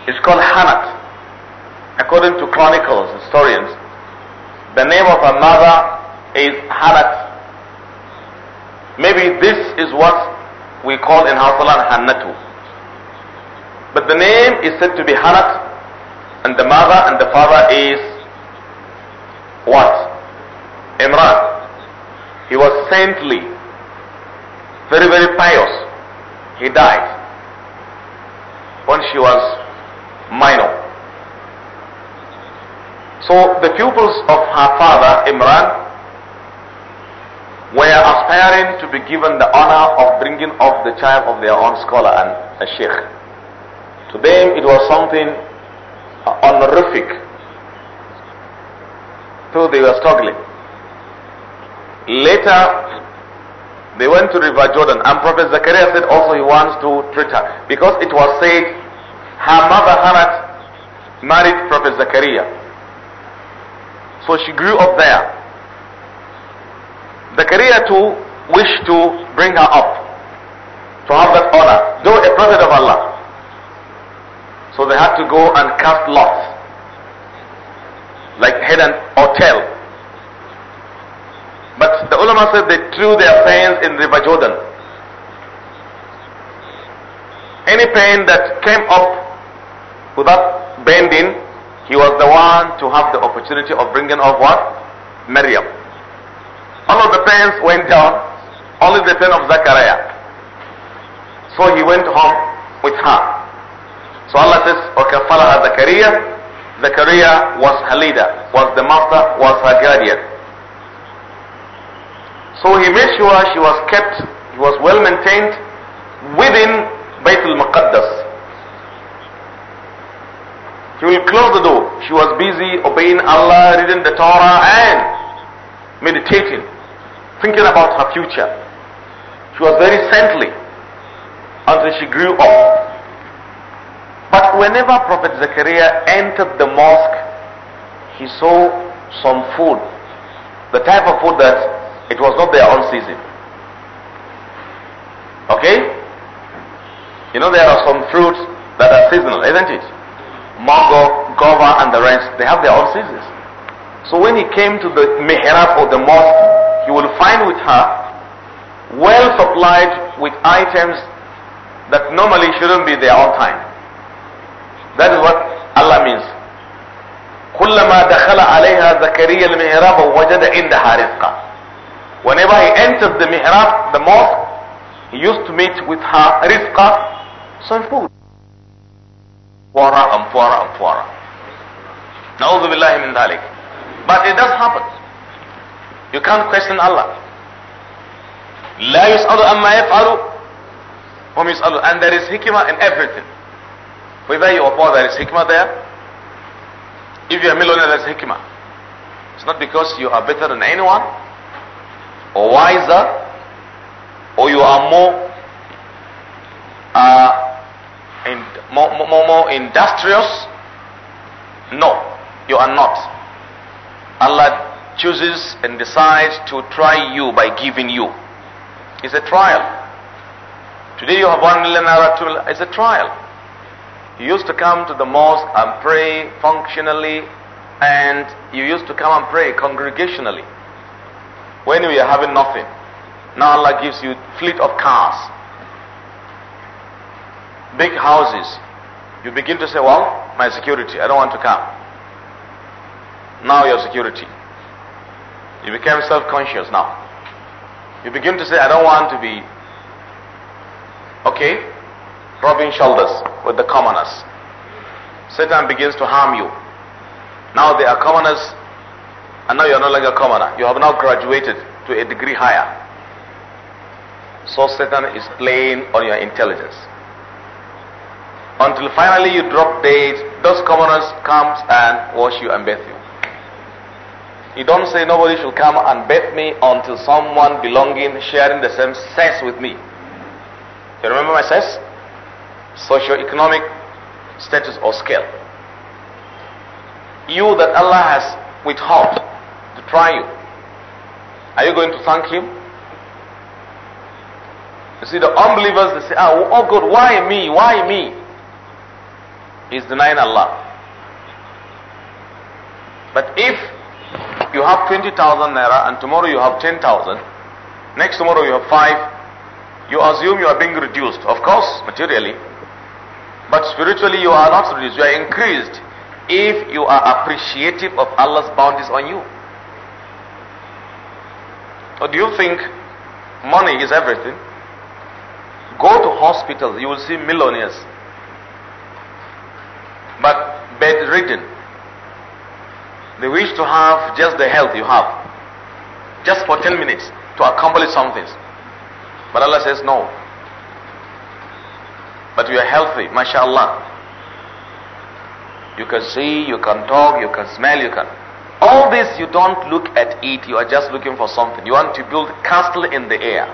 is called Hannah according to chronicles historians the name of her mother is Hannah Maybe this is what we call in Hausaland Hanatu. But the name is said to be Hanat, and the mother and the father is what? Imran. He was saintly, very, very pious. He died when she was minor. So the pupils of her father, Imran, were aspiring to be given the honor of bringing up the child of their own scholar and a sheikh. To them, it was something uh, honorific. So they were struggling. Later, they went to River Jordan, and Prophet Zachariah said also he wants to treat her because it was said her mother Hannah married Prophet Zachariah. So she grew up there. Zakaria too wished to bring her up to have that honor, though a prophet of Allah. So they had to go and cast lots, like head and or tail. But the ulama said they threw their pains in River Jordan. Any pain that came up without bending, he was the one to have the opportunity of bringing up what? Maryam. All of the parents went down, only the son of Zachariah. So he went home with her. So Allah says, وَكَفَّلَهَا زَكَرِيَّا Zachariah was her leader, was the master, was her guardian. So he made sure she was kept, he was well maintained within Baytul Maqaddas. He will close the door. She was busy obeying Allah, reading the Torah and meditating thinking about her future. She was very saintly until she grew up. But whenever Prophet Zechariah entered the mosque, he saw some food, the type of food that it was not their own season. Okay? You know there are some fruits that are seasonal, isn't it? Mango, guava, and the rest, they have their own seasons. So when he came to the mihrab or the mosque, you will find with her well supplied with items that normally shouldn't be there on time. That is what Allah means. كلما دخل عليها زكريا المهراب وجد عندها رزقا. Whenever he entered the mihrab, the mosque, he used to meet with her rizqa, some food. Fora and fora and fora. Na'udhu billahi min dhalik. But it does happen. You can't question Allah. لا يسأل أما يفعل هم يسأل and there is hikmah in everything. Whether you are poor, there is hikmah there. If you are millionaire, there is hikmah. It's not because you are better than anyone or wiser or you are more uh, in, more, more, more industrious. No, you are not. Allah chooses and decides to try you by giving you. It's a trial. Today you have one million naira, it's a trial. You used to come to the mosque and pray functionally, and you used to come and pray congregationally when we are having nothing. Now Allah gives you fleet of cars, big houses. You begin to say, Well, my security, I don't want to come. Now your security. You become self conscious now. You begin to say, I don't want to be, okay, rubbing shoulders with the commoners. Satan begins to harm you. Now they are commoners, and now you are no longer a commoner. You have now graduated to a degree higher. So Satan is playing on your intelligence. Until finally you drop dead, those commoners comes and wash you and bathe you. You don't say nobody should come and bet me until someone belonging, sharing the same sex with me. You remember my sex? Socioeconomic status or scale. You that Allah has withheld to try you. Are you going to thank Him? You see, the unbelievers, they say, ah, oh, oh God, why me? Why me? He's denying Allah. But if you have 20,000 naira and tomorrow you have 10,000, next tomorrow you have 5, you assume you are being reduced. Of course, materially. But spiritually you are not reduced, you are increased if you are appreciative of Allah's bounties on you. Or do you think money is everything? Go to hospitals, you will see millionaires, but bedridden. They wish to have just the health you have, just for 10 minutes to accomplish something. But Allah says no. But you are healthy, mashallah. You can see, you can talk, you can smell, you can. All this, you don't look at it, you are just looking for something. You want to build castle in the air.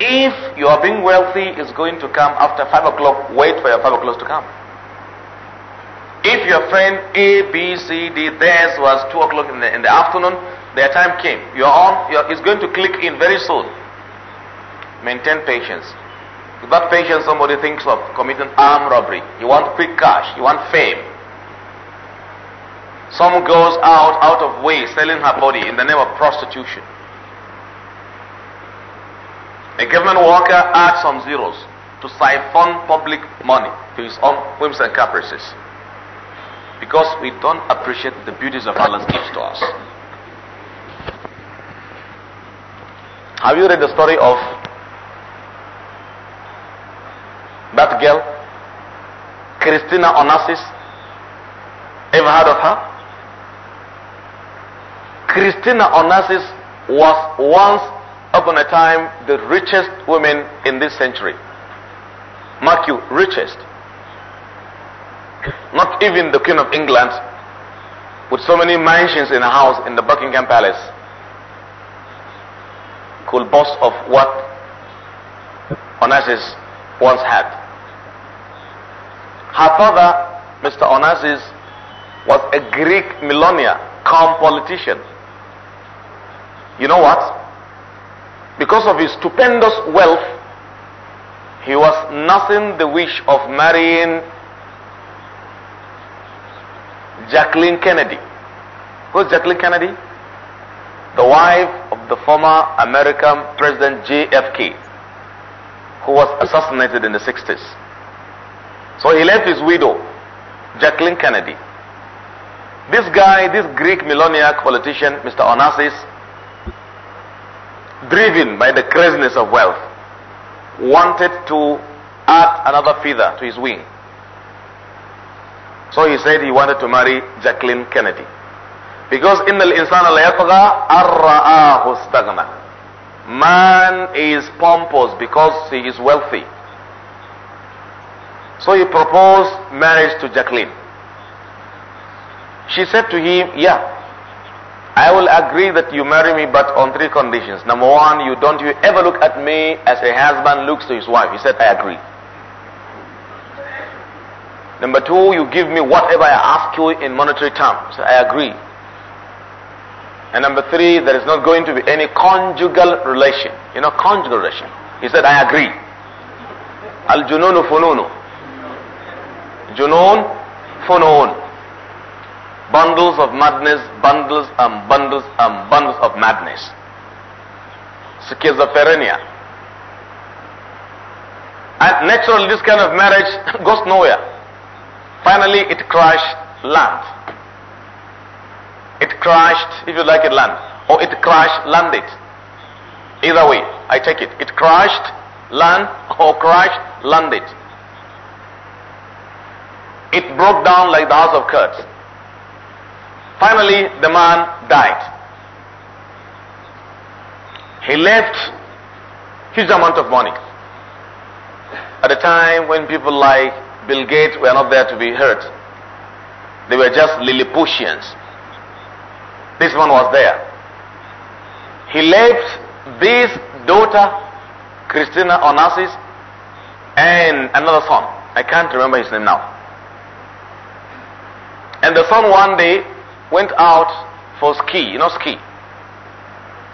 If you are being wealthy, it's going to come after 5 o'clock. Wait for your 5 o'clock to come. If your friend A, B, C, D, theirs was 2 o'clock in the, in the afternoon, their time came. Your own is going to click in very soon. Maintain patience. Without patience, somebody thinks of committing armed robbery. You want quick cash. You want fame. Some goes out, out of way, selling her body in the name of prostitution. A government worker adds some zeros to siphon public money to his own whims and caprices because we don't appreciate the beauties of Allah's gifts to us. Have you read the story of that girl, Christina Onassis? Ever heard of her? Christina Onassis was once upon a time the richest woman in this century. Mark you, richest. Not even the Queen of England with so many mansions in a house in the Buckingham Palace could boast of what Onassis once had. Her father, Mr. Onassis, was a Greek millionaire, calm politician. You know what? Because of his stupendous wealth, he was nothing the wish of marrying Jacqueline Kennedy. Who's Jacqueline Kennedy? The wife of the former American President JFK, who was assassinated in the 60s. So he left his widow, Jacqueline Kennedy. This guy, this Greek millionaire politician, Mr. Onassis, driven by the craziness of wealth, wanted to add another feather to his wing. So he said he wanted to marry Jacqueline Kennedy. Because in the insan al stagna. Man is pompous because he is wealthy. So he proposed marriage to Jacqueline. She said to him, Yeah, I will agree that you marry me, but on three conditions. Number one, you don't you ever look at me as a husband looks to his wife. He said, I agree. Number two, you give me whatever I ask you in monetary terms. I agree. And number three, there is not going to be any conjugal relation. You know, conjugal relation. He said, I agree. Al jununu fununu. Junun funun. Bundles of madness, bundles and um, bundles and um, bundles of madness. Schizophrenia. And naturally, this kind of marriage goes nowhere. Finally, it crashed land. It crashed, if you like it, land. Or it crashed, landed. Either way, I take it. It crashed, land, or crashed, landed. It broke down like the house of cards. Finally, the man died. He left huge amount of money. At a time when people like Bill Gates were not there to be hurt. They were just Lilliputians. This one was there. He left this daughter, Christina Onassis, and another son. I can't remember his name now. And the son one day went out for ski, you know, ski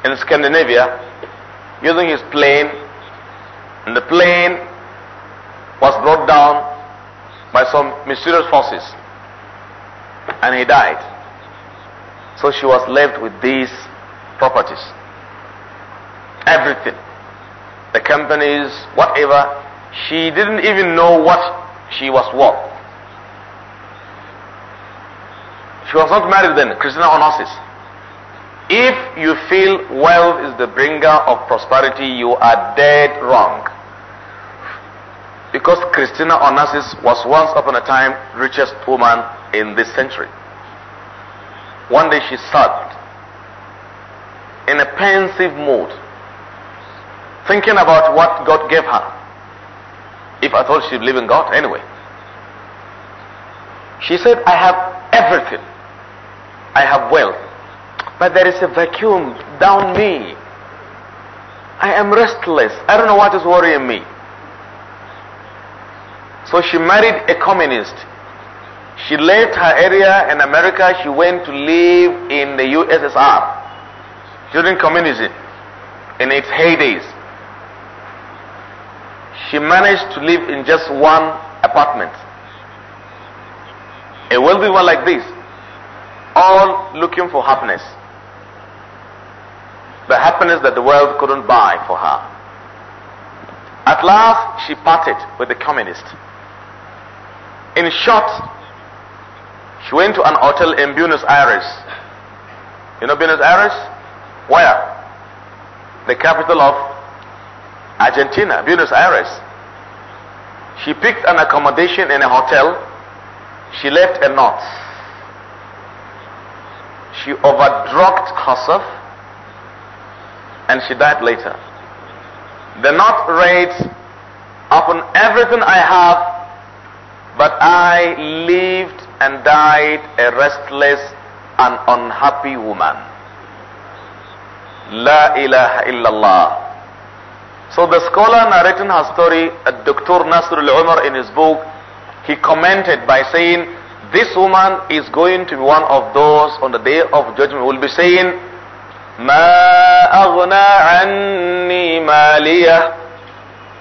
in Scandinavia using his plane. And the plane was brought down by some mysterious forces. And he died. So she was left with these properties. Everything. The companies, whatever. She didn't even know what she was worth. She was not married then, Christina Onosis. If you feel wealth is the bringer of prosperity, you are dead wrong because Christina Onassis was once upon a time richest woman in this century. One day she sat in a pensive mood, thinking about what God gave her. If I thought she believed in God, anyway. She said, I have everything. I have wealth. But there is a vacuum down me. I am restless. I don't know what is worrying me. So she married a communist. She left her area in America. She went to live in the USSR during communism in its heydays. She managed to live in just one apartment. A wealthy one like this, all looking for happiness. The happiness that the world couldn't buy for her. At last, she parted with the communist. In short, she went to an hotel in Buenos Aires. You know Buenos Aires? Where? The capital of Argentina, Buenos Aires. She picked an accommodation in a hotel. She left a note. She overdrugged herself and she died later. The note reads, Upon everything I have, but I lived and died a restless and unhappy woman. La ilaha illallah. So the scholar narrating her story, uh, Dr. Nasrul Umar in his book, he commented by saying, this woman is going to be one of those on the day of judgment will be saying, ما أغنى عني مالية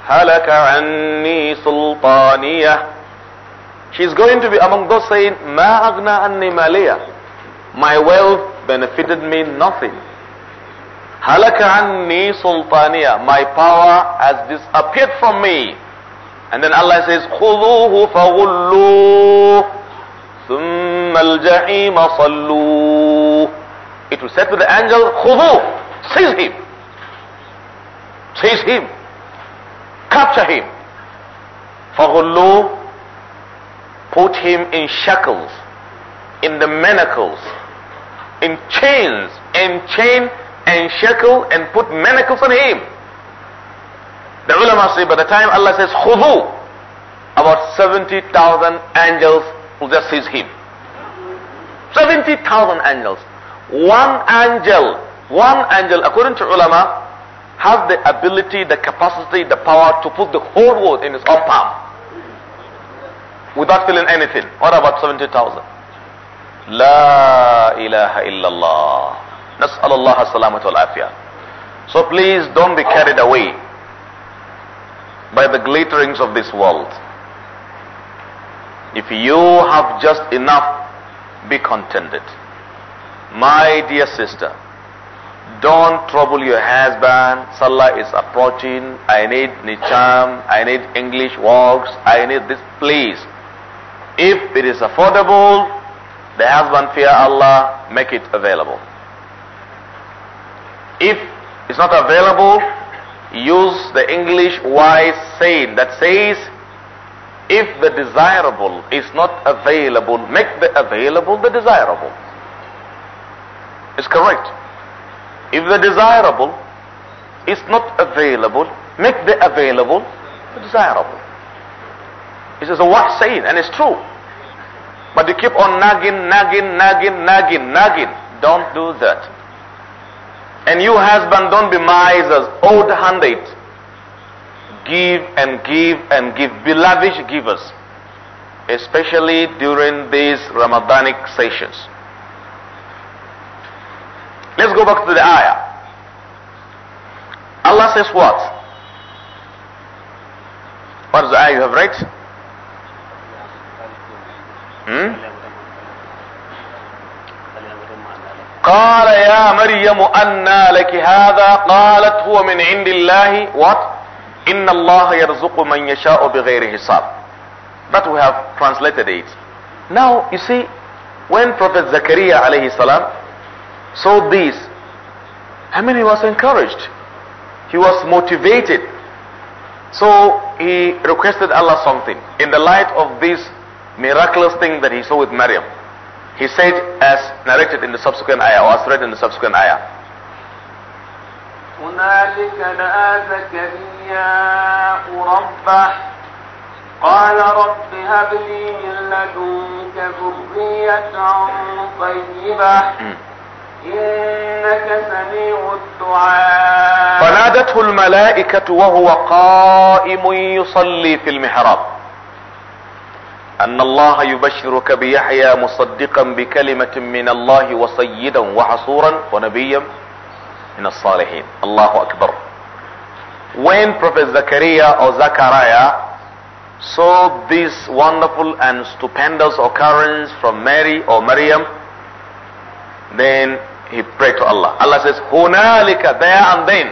هلك عني She's going to be among those saying, Ma agna anni maliya. My wealth benefited me nothing. Halaka anni sultaniya. My power has disappeared from me. And then Allah says, خُذُوهُ فَغُلُّوهُ al الْجَحِيمَ صَلُّوهُ It was said to the angel, خُذُوهُ Seize him. Seize him. Capture him. فَغُلُّوهُ put him in shackles, in the manacles, in chains, and chain and shackle and put manacles on him. The ulama say by the time Allah says khudu, about 70,000 angels will just seize him. 70,000 angels. One angel, one angel, according to ulama, has the ability, the capacity, the power to put the whole world in his own palm without feeling anything. What about 70,000? La ilaha illallah. الله. نسأل الله wal والعافية. So please don't be carried away by the glitterings of this world. If you have just enough, be contented. My dear sister, don't trouble your husband. Salah is approaching. I need nicham. I need English works. I need this. Please if it is affordable, the husband fear Allah, make it available. If it's not available, use the English wise saying that says, if the desirable is not available, make the available the desirable. It's correct. If the desirable is not available, make the available the desirable. He says, "What's saying? And it's true. But you keep on nagging, nagging, nagging, nagging, nagging. Don't do that. And you husband, don't be misers, old-handed. Give and give and give. Be lavish givers. Especially during these Ramadanic sessions. Let's go back to the ayah. Allah says what? What is the ayah you have read? hmm? قال يا مريم أنى لك هذا قالت هو من عند الله what إن الله يرزق من يشاء بغير حساب that we have translated it now you see when Prophet Zakaria alayhi salam saw this I mean he was encouraged he was motivated so he requested Allah something in the light of this miraculous thing that he saw with Maryam. He said, as narrated in the subsequent ayah, or as read in the subsequent ayah. قال رب هب لي من لدنك ذرية طيبة إنك سميع الدعاء فنادته الملائكة وهو قائم يصلي في المحراب ان الله يبشرك بيحيى مصدقا بكلمة من الله وسيدا وحصورا ونبيا من الصالحين الله اكبر when Prophet zakaria or Zachariah saw this wonderful and stupendous occurrence from Mary or Maryam, then he prayed to Allah. Allah says, هنالك there and then,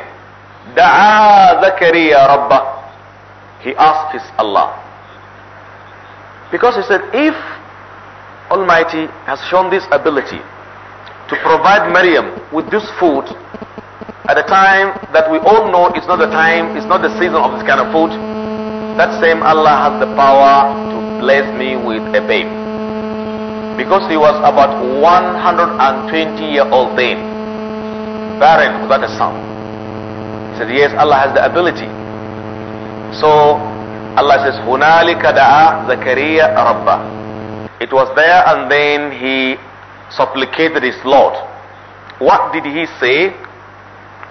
Da'a زكريا Rabbah. He asked his Allah. Because he said, if Almighty has shown this ability to provide Maryam with this food at a time that we all know it's not the time, it's not the season of this kind of food, that same Allah has the power to bless me with a babe. Because he was about 120 year old then, barren without a son. He said, yes, Allah has the ability. So Allah says, Hunalika da'a Zakaria Rabba. It was there and then he supplicated his Lord. What did he say?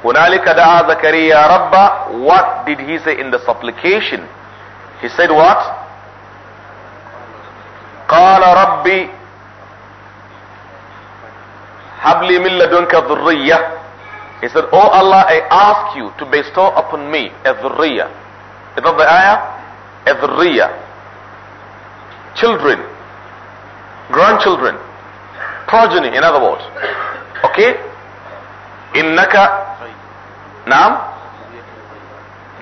Hunalika da'a Zakaria Rabba. What did he say in the supplication? He said what? قال ربي حبلي لي من لدنك ذرية He said, Oh Allah, I ask you to bestow upon me a dhurriya. Is that the ayah? year, children, grandchildren, progeny, in other words. Okay? Innaka Nam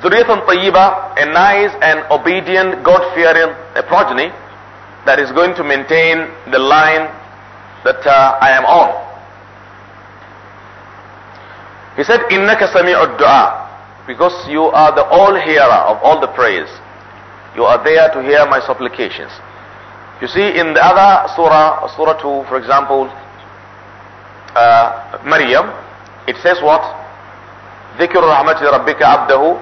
Duriyatun Tayyiba, a nice and obedient, God-fearing progeny that is going to maintain the line that uh, I am on. He said, Innaka Sami'ud Dua, because you are the all-hearer of all the prayers. You are there to hear my supplications. You see, in the other surah, surah 2, for example, uh, Maryam, it says what? ذكر رحمة ربك عبده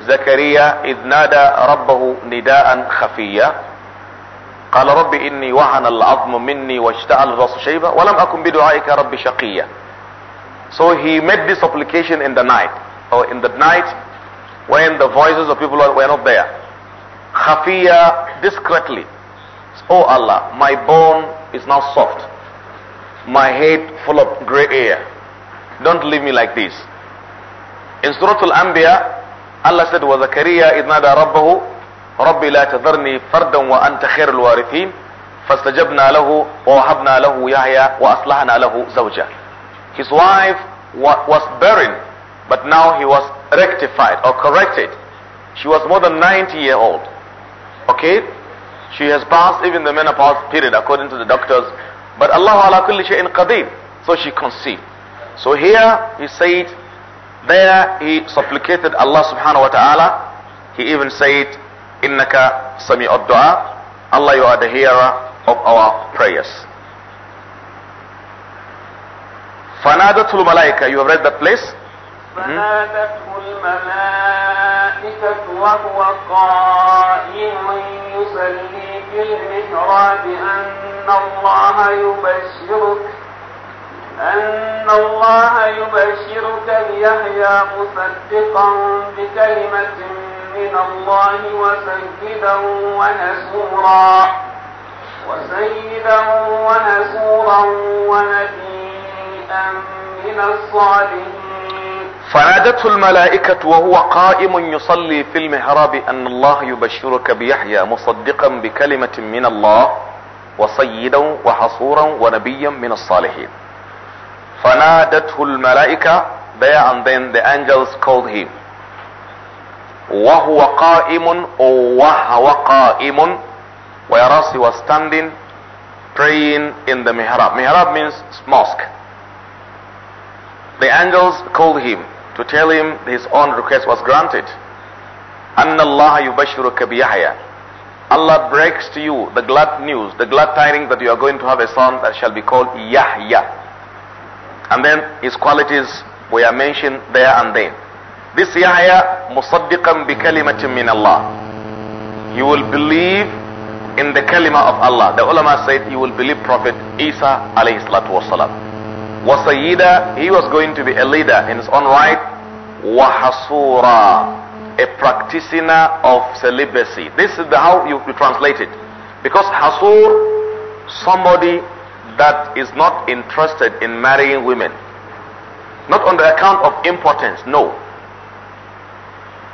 زكريا إذ نادى ربه نداء خفيا قال ربي إني وهن العظم مني واشتعل الرأس شيبة ولم أكن بدعائك ربي شقيا So he made this supplication in the night or in the night when the voices of people were not there khafiya discreetly. Oh Allah, my bone is now soft. My head full of gray hair. Don't leave me like this. In Suratul anbiya Allah said, وَذَكَرِيَا إِذْ نَادَى رَبَّهُ رَبِّ لَا تَذَرْنِي فَرْدًا وَأَنْتَ خَيْرُ الْوَارِثِينَ wa لَهُ وَوَهَبْنَا yahya wa وَأَصْلَحْنَا لَهُ zawja." His wife was barren, but now he was rectified or corrected. She was more than 90 year old. Okay? She has passed even the menopause period according to the doctors. But Allah ala kulli shay'in qadir. So she conceived. So here he said, there he supplicated Allah subhanahu wa ta'ala. He even said, Innaka ad du'a. Allah you are the hearer of our prayers. فنادته الملائكة you have read that place فنادته hmm? الملائكة وهو قائم يصلي في المحراب أن الله يبشرك أن الله يبشرك بيحيى مصدقا بكلمة من الله وسيدا ونسورا وسيدا ونسورا ونبيا من الصالحين فنادته الملائكة وهو قائم يصلي في المهراب أن الله يبشرك بيحيى مصدقا بكلمة من الله وسيدا وحصورا ونبيا من الصالحين فنادته الملائكة there and then the angels called him وهو قائم وهو قائم whereas he was standing praying in the mihrab mihrab means mosque the angels called him to tell him his own request was granted. Allah Allah breaks to you the glad news, the glad tidings that you are going to have a son that shall be called Yahya. And then his qualities were mentioned there and then. This Yahya, musaddiqan bi kalimatin min Allah. You will believe in the kalima of Allah. The ulama said you will believe Prophet Isa alayhi salatu wasalam. وَسَيِّدًا He was going to be a leader in his own right. وَحَصُورًا A practitioner of celibacy. This is the, how you, you translate it. Because hasur, somebody that is not interested in marrying women. Not on the account of importance. no.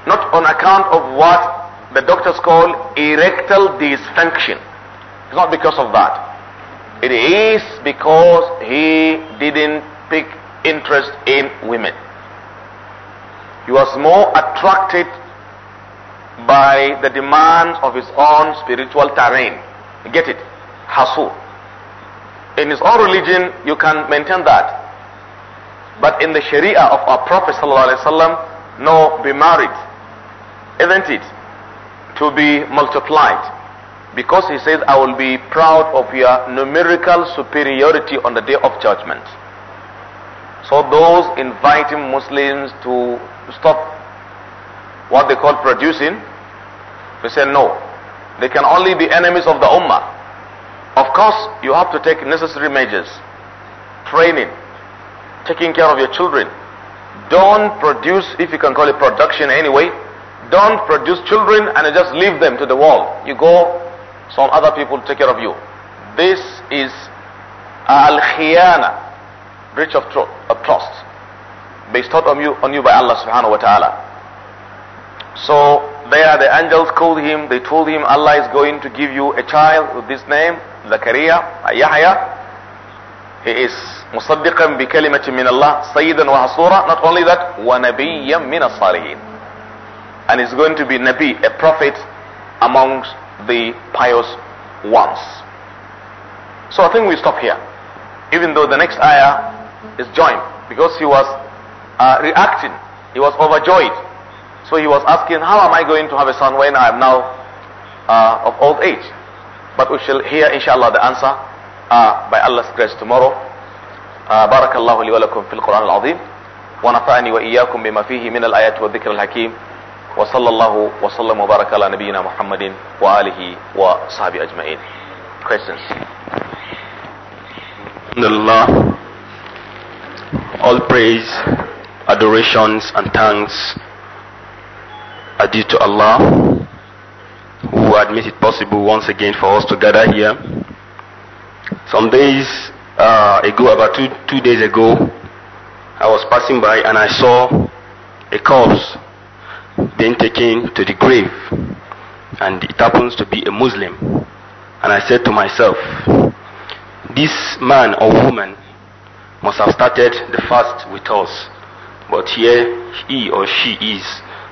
Not on account of what the doctors call erectile dysfunction. It's not because of that. It is because he didn't pick interest in women. He was more attracted by the demands of his own spiritual terrain. get it? Hasu. In his own religion, you can maintain that. But in the Sharia of our Prophet ﷺ, no, be married. Isn't it? To be multiplied because he says, I will be proud of your numerical superiority on the day of judgment. So those inviting Muslims to stop what they call producing, they say no. They can only be enemies of the Ummah. Of course, you have to take necessary measures. Training, taking care of your children. Don't produce, if you can call it production anyway, don't produce children and just leave them to the world. You go some other people take care of you. This is al-khiyana, breach of, tr of trust, bestowed on you, on you by Allah subhanahu wa ta'ala. So there the angels called him, they told him Allah is going to give you a child with this name, Zakaria, Yahya. He is مصدقا بكلمة من الله سيدا وحصورا not only that ونبيا من الصالحين and he's going to be Nabi a prophet amongst the pious ones. So I think we stop here, even though the next ayah is joined because he was uh, reacting, he was overjoyed. So he was asking, How am I going to have a son when I am now uh, of old age? But we shall hear, inshallah, the answer uh, by Allah's grace tomorrow. بارك الله لي ولكم في القرآن العظيم ونفعني وإياكم بما فيه من الآيات والذكر الحكيم وصلى الله وسلم وبارك على نبينا محمد وآله وصحبه أجمعين questions Allah all praise adorations and thanks are due to Allah who had made it possible once again for us to gather here some days uh, ago about two, two days ago I was passing by and I saw a corpse then taken to the grave. And it happens to be a Muslim. And I said to myself, this man or woman must have started the fast with us. But here he or she is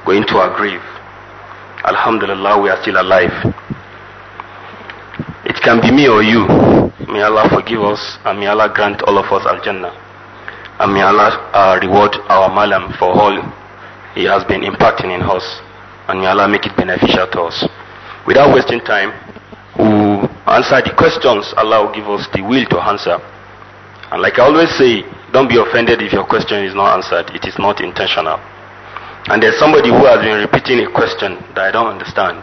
going to our grave. Alhamdulillah, we are still alive. It can be me or you. May Allah forgive us and may Allah grant all of us Al Jannah. And may Allah uh, reward our Malam for all he has been impacting in us. And may Allah make it beneficial to us. Without wasting time, we'll answer the questions Allah will give us the will to answer. And like I always say, don't be offended if your question is not answered. It is not intentional. And there's somebody who has been repeating a question that I don't understand.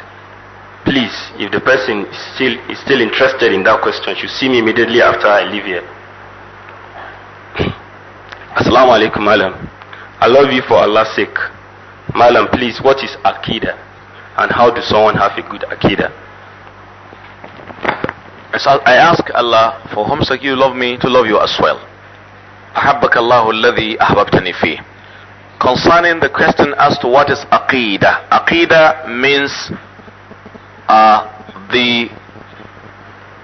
Please, if the person is still is still interested in that question, should see me immediately after I leave here. Assalamu alaikum alam. I love you for Allah's sake. Malam, please, what is Akida? And how does someone have a good Akida? I ask Allah, for whom you love me, to love you as well. أحبك الله الذي أحببتني فيه. Concerning the question as to what is Aqidah, Aqidah means uh, the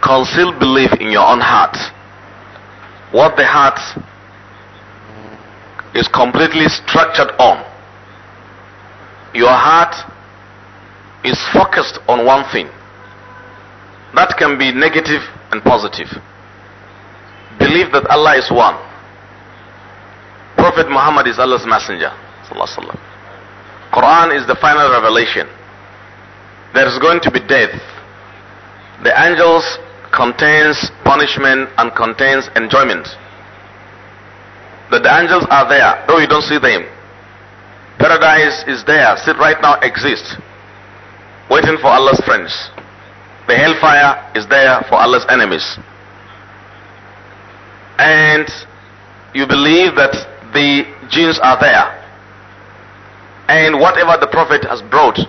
concealed belief in your own heart. What the heart is completely structured on your heart is focused on one thing. That can be negative and positive. Believe that Allah is one. Prophet Muhammad is Allah's messenger. Quran is the final revelation. There is going to be death. The angels contains punishment and contains enjoyment. That the angels are there, though you don't see them. Paradise is there, Sit right now exists, waiting for Allah's friends. The hellfire is there for Allah's enemies. And you believe that the jinns are there. And whatever the Prophet has brought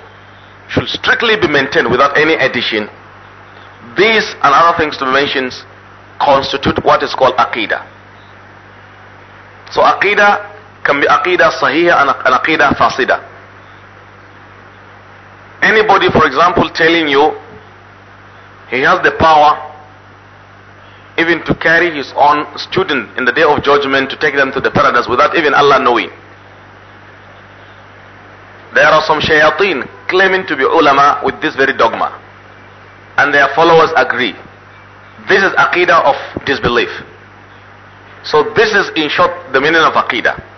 should strictly be maintained without any addition. These and other things to be mentioned constitute what is called Aqidah. So Aqidah can be aqidah sahiha and, and fasida. Anybody, for example, telling you he has the power even to carry his own student in the day of judgment to take them to the paradise without even Allah knowing. There are some shayateen claiming to be ulama with this very dogma. And their followers agree. This is aqidah of disbelief. So this is in short the meaning of aqidah.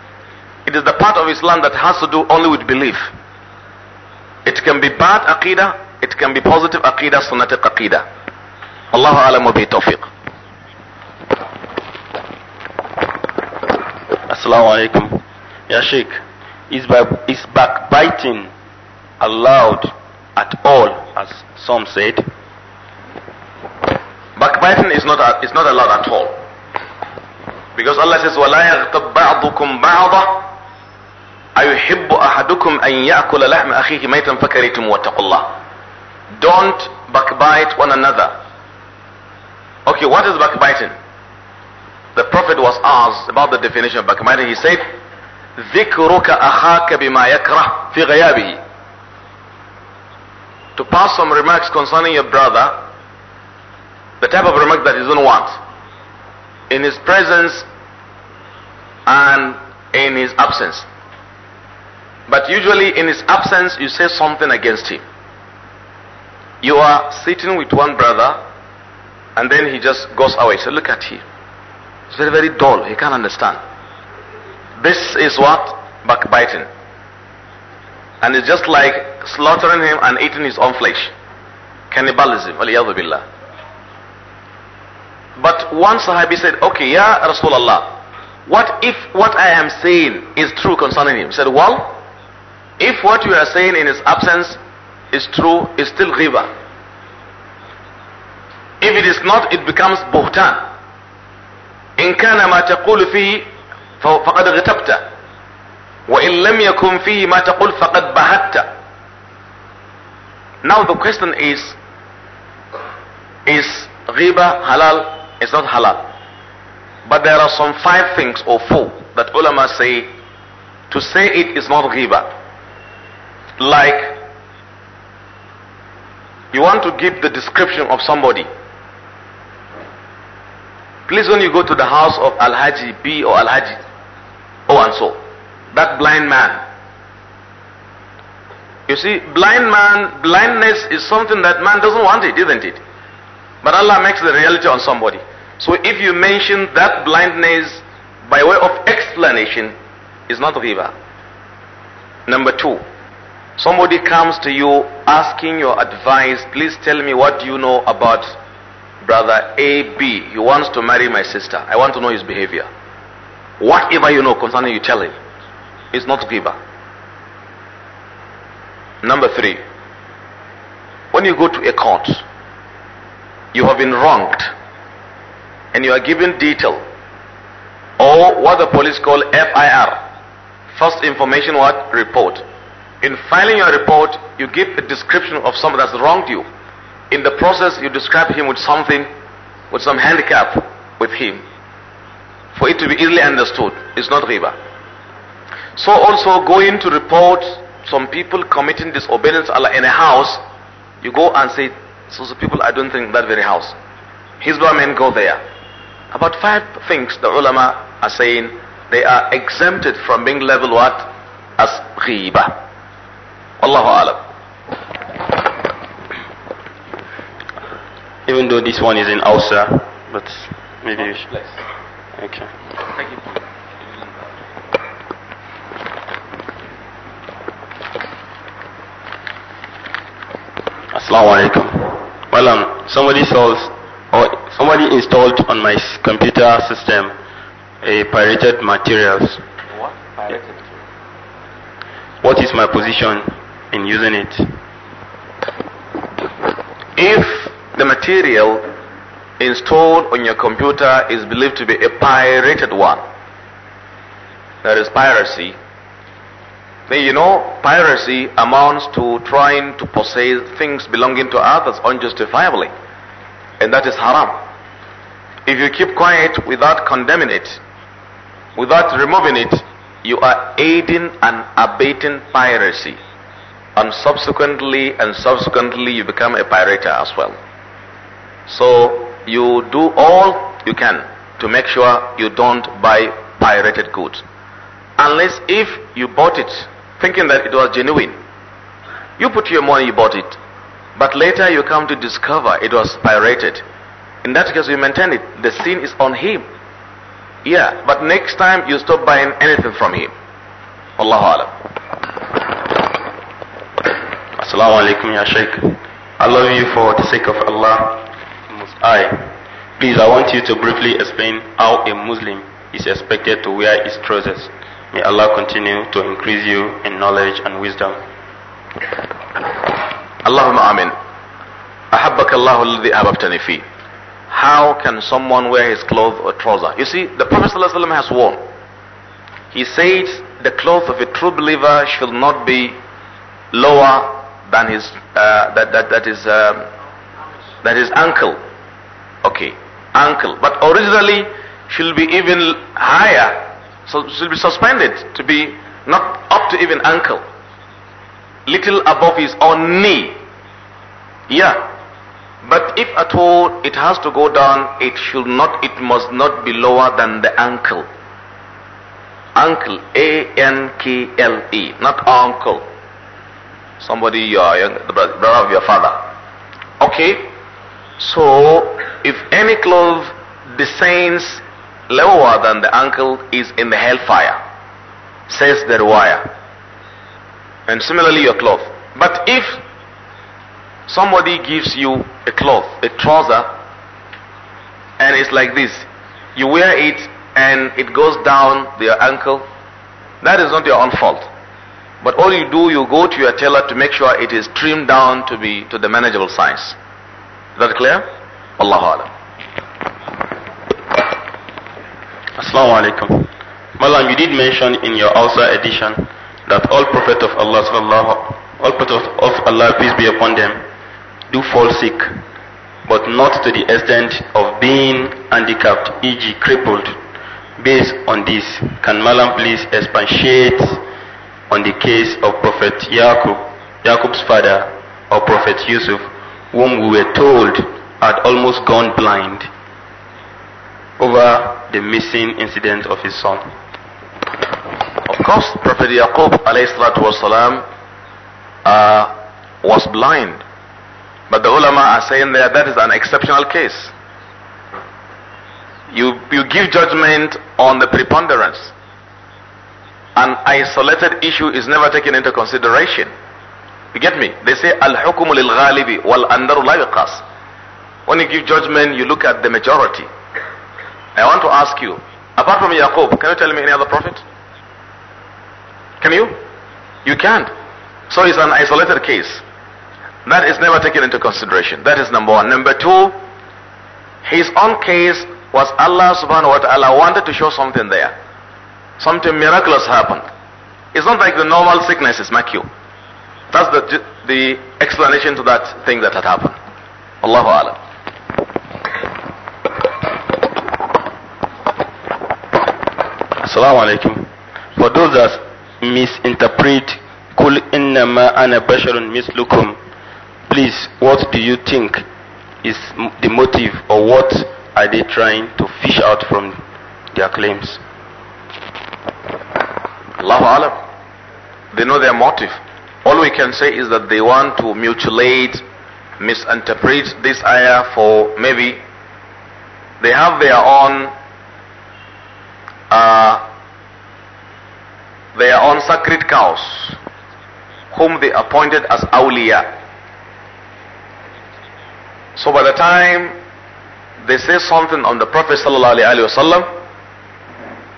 It is the part of Islam that has to do only with belief. It can be bad aqidah, it can be positive aqidah, sunnatic aqidah. Allahu alamu bi tawfiq. Assalamu alaikum. Ya Sheikh, is, is backbiting allowed at all, as some said? Backbiting is not, is not allowed at all. Because Allah says, وَلَا يَغْتَبْ بَعْضُكُمْ بَعْضًا أيحب أحدكم أن يأكل لحم أخيه ميتا فكرهتم واتقوا Don't backbite one another Okay, what is backbiting? The Prophet was asked about the definition of backbiting. He said, ذكرك أخاك بما يكره fi غيابه To pass some remarks concerning your brother, the type of remark that he doesn't want, in his presence and in his absence. But usually in his absence, you say something against him. You are sitting with one brother, and then he just goes away. So look at him. He's very, very dull. He can't understand. This is what? Backbiting. And it's just like slaughtering him and eating his own flesh. Cannibalism. billah. But one Sahabi said, Okay, yeah, Rasulullah, what if what I am saying is true concerning him? He said, Well, if what you are saying in his absence is true, it's still riba. If it is not, it becomes buhtan. إن كان ما تقول فيه فقد غتبت in لم يكن فيه ما تقول فقد بهت Now the question is Is riba halal? It's not halal. But there are some five things or four that ulama say to say it is not riba. Like, you want to give the description of somebody. Please, when you go to the house of Al-Haji B or Al-Haji, oh and so, that blind man. You see, blind man, blindness is something that man doesn't want it, isn't it? But Allah makes the reality on somebody. So if you mention that blindness by way of explanation, is not riba. Number two, Somebody comes to you asking your advice, please tell me what you know about brother AB. He wants to marry my sister. I want to know his behavior. Whatever you know concerning you, tell him. It's not giver. Number three, when you go to a court, you have been wronged and you are given detail or what the police call FIR, first information what report in filing your report, you give a description of someone that's wronged you. In the process, you describe him with something, with some handicap with him. For it to be easily understood, it's not riba. So also going to report some people committing disobedience Allah in a house, you go and say, so the people I don't think that very house. Hizbah men go there. About five things the ulama are saying they are exempted from being level what? As riba. Allahu Alam. Even though this one is in Ausa, but maybe you should. Place. Okay. Thank you. Assalamu alaikum. Well, um, somebody sells or somebody installed on my computer system a pirated materials. What? Pirated. What is my position in using it. If the material installed on your computer is believed to be a pirated one, that is piracy, then you know piracy amounts to trying to possess things belonging to others unjustifiably, and that is haram. If you keep quiet without condemning it, without removing it, you are aiding and abating piracy and subsequently and subsequently you become a pirater as well. So you do all you can to make sure you don't buy pirated goods. Unless if you bought it thinking that it was genuine. You put your money, you bought it. But later you come to discover it was pirated. In that case you maintain it. The sin is on him. Yeah, but next time you stop buying anything from him. Allahu Alam. Assalamu alaikum ya Sheikh. I love you for the sake of Allah. I? Please, I want you to briefly explain how a Muslim is expected to wear his trousers. May Allah continue to increase you in knowledge and wisdom. Allahumma amin. أحبك الله الذي أحببتني How can someone wear his clothes or trouser? You see, the Prophet has worn. He says the clothes of a true believer shall not be lower than his uh, that that that is um, that is uncle. Okay, uncle. But originally she'll be even higher. So she'll be suspended to be not up to even ankle, little above his own knee. Yeah. But if at all it has to go down, it should not, it must not be lower than the ankle. Ankle, A N K L E, not uncle somebody your young, brother of your father. Okay, so if any clothes descends lower than the ankle is in the hellfire, says the riwayah. And similarly your cloth. But if somebody gives you a cloth, a trouser, and it's like this, you wear it and it goes down your ankle, that is not your own fault. But all you do, you go to your tailor to make sure it is trimmed down to be to the manageable size. Is that clear? Allahu Alam. Assalamu alaikum. Malam, you did mention in your Alsa edition that all Prophet of Allah all Prophet of Allah, peace be upon them, do fall sick, but not to the extent of being handicapped, e.g. crippled. Based on this, can Malam please expatiate on the case of Prophet Yaqub, Yaqub's father, or Prophet Yusuf, whom we were told had almost gone blind over the missing incident of his son. Of course, Prophet Yaqub والسلام, uh, was blind. But the ulama are saying that that is an exceptional case. You, you give judgment on the preponderance an isolated issue is never taken into consideration. You get me? They say al-hukmu lil ghalibi wal andaru la yuqas. When you give judgment, you look at the majority. I want to ask you, apart from Yaqub, can you tell me any other prophet? Can you? You can't. So it's an isolated case. That is never taken into consideration. That is number one. Number two, his own case was Allah subhanahu wa ta'ala wanted to show something there. Something miraculous happened. It's not like the normal sicknesses, mark you. That's the, the explanation to that thing that had happened. Allahu Alam. Assalamu alaikum. For those that misinterpret, Kul innama ana basharun mislukum. Please, what do you think is the motive or what are they trying to fish out from their claims? Allahu Alam. They know their motive. All we can say is that they want to mutilate, misinterpret this ayah for maybe they have their own uh, their own sacred cows whom they appointed as awliya. So by the time they say something on the Prophet sallallahu alaihi wasallam,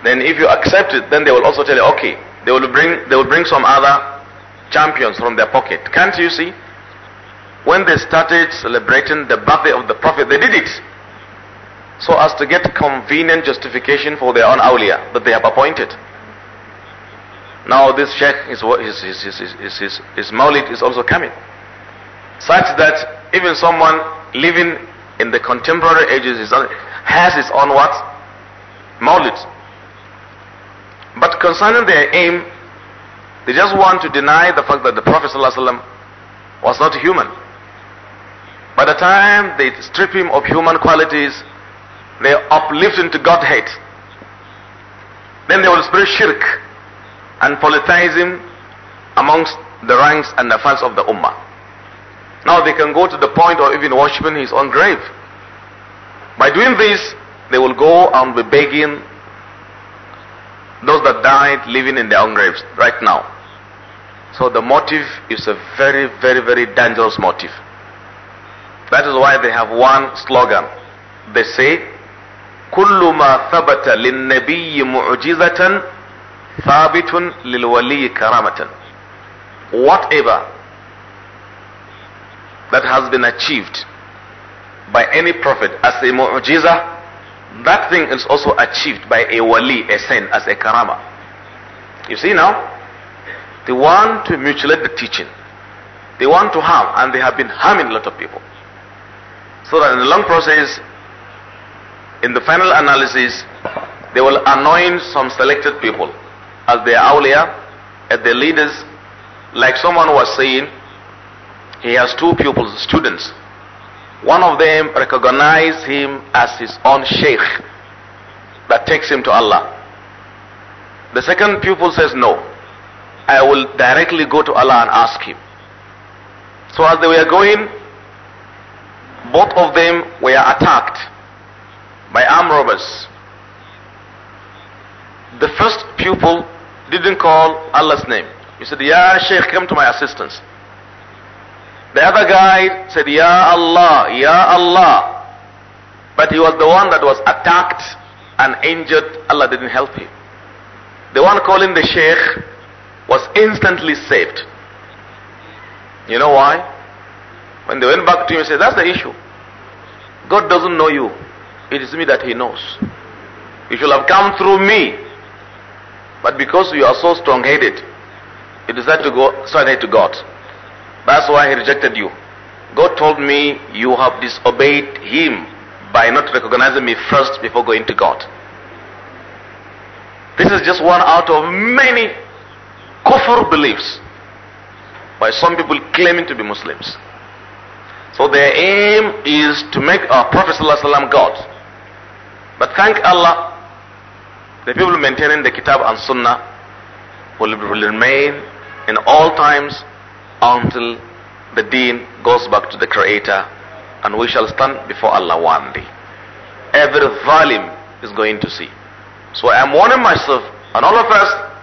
then if you accept it, then they will also tell you, okay, they will bring, they will bring some other champions from their pocket. Can't you see? When they started celebrating the birthday of the Prophet, they did it. So as to get convenient justification for their own awliya that they have appointed. Now this sheikh, is his, his, his, his, his, his maulid is also coming. Such that even someone living in the contemporary ages has his own what? Maulid. But concerning their aim, they just want to deny the fact that the Prophet ﷺ was not human. By the time they strip him of human qualities, they uplift him to Godhead. Then they will spread shirk and polytheism amongst the ranks and the fans of the Ummah. Now they can go to the point of even worshiping his own grave. By doing this, they will go and be begging those that died living in their own graves right now. So the motive is a very, very, very dangerous motive. That is why they have one slogan. They say, كل ما ثبت للنبي معجزة ثابت للولي كرامة. Whatever that has been achieved by any prophet as a mu'jiza that thing is also achieved by a wali, a saint, as a karama. You see now, they want to mutilate the teaching. They want to harm, and they have been harming a lot of people. So that in the long process, in the final analysis, they will anoint some selected people as their awliya, as their leaders. Like someone was saying, he has two pupils, students. One of them recognized him as his own sheikh that takes him to Allah. The second pupil says, No, I will directly go to Allah and ask him. So as they were going, both of them were attacked by armed robbers. The first pupil didn't call Allah's name. He said, Ya Sheikh, come to my assistance. The other guy said, Ya Allah, Ya Allah. But he was the one that was attacked and injured. Allah didn't help him. The one calling the sheikh was instantly saved. You know why? When they went back to him, he said, That's the issue. God doesn't know you. It is me that he knows. You should have come through me. But because you are so strong headed, you decided to go straight to God. That's why he rejected you. God told me you have disobeyed him by not recognizing me first before going to God. This is just one out of many kufr beliefs by some people claiming to be Muslims. So their aim is to make our Prophet ﷺ God. But thank Allah, the people maintaining the Kitab and Sunnah will remain in all times until the deen goes back to the creator and we shall stand before Allah one day. Every valim is going to see. So I'm warning myself and all of us,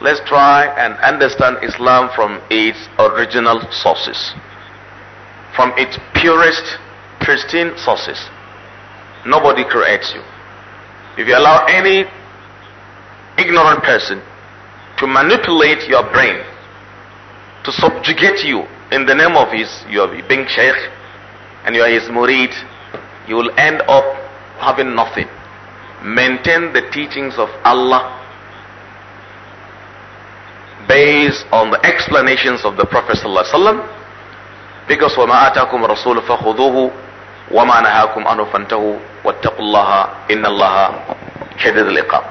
let's try and understand Islam from its original sources, from its purest, pristine sources. Nobody creates you. If you allow any ignorant person to manipulate your brain, to subjugate you in the name of his, you are being sheikh and you are his murid, you will end up having nothing. Maintain the teachings of Allah based on the explanations of the Prophet wasallam because وما آتاكم الرسول فخذوه وما نهاكم عنه فانتهوا واتقوا الله inna Allaha شديد العقاب.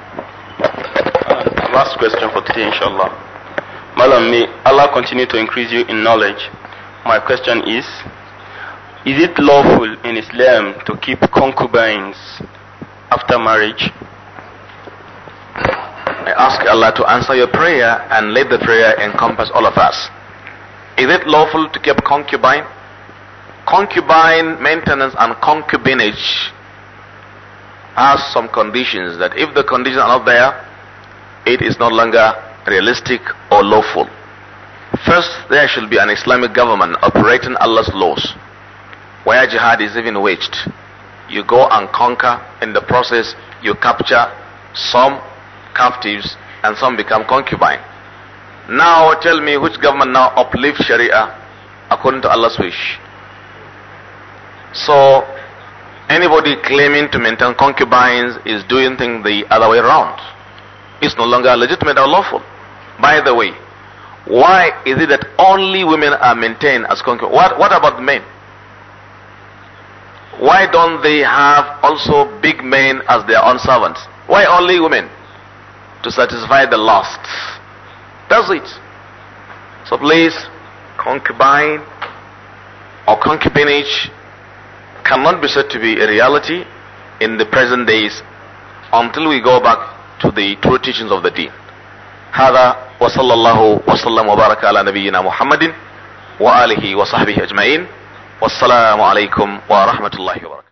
Last question for today, inshallah. Malam, may Allah continue to increase you in knowledge. My question is Is it lawful in Islam to keep concubines after marriage? I ask Allah to answer your prayer and let the prayer encompass all of us. Is it lawful to keep concubine? Concubine maintenance and concubinage has some conditions that if the conditions are not there, it is no longer realistic or lawful. First, there should be an Islamic government operating Allah's laws, where jihad is even waged. You go and conquer, in the process, you capture some captives and some become concubines. Now, tell me which government now uplifts Sharia according to Allah's wish. So, anybody claiming to maintain concubines is doing things the other way around. It's no longer legitimate or lawful. By the way, why is it that only women are maintained as concubines? What, what about men? Why don't they have also big men as their own servants? Why only women? To satisfy the lust. That's it. So please, concubine or concubinage cannot be said to be a reality in the present days until we go back to the true teachings of the deen. هذا وصلى الله وسلم وبارك على نبينا محمد وآله وصحبه أجمعين والسلام عليكم ورحمة الله وبركاته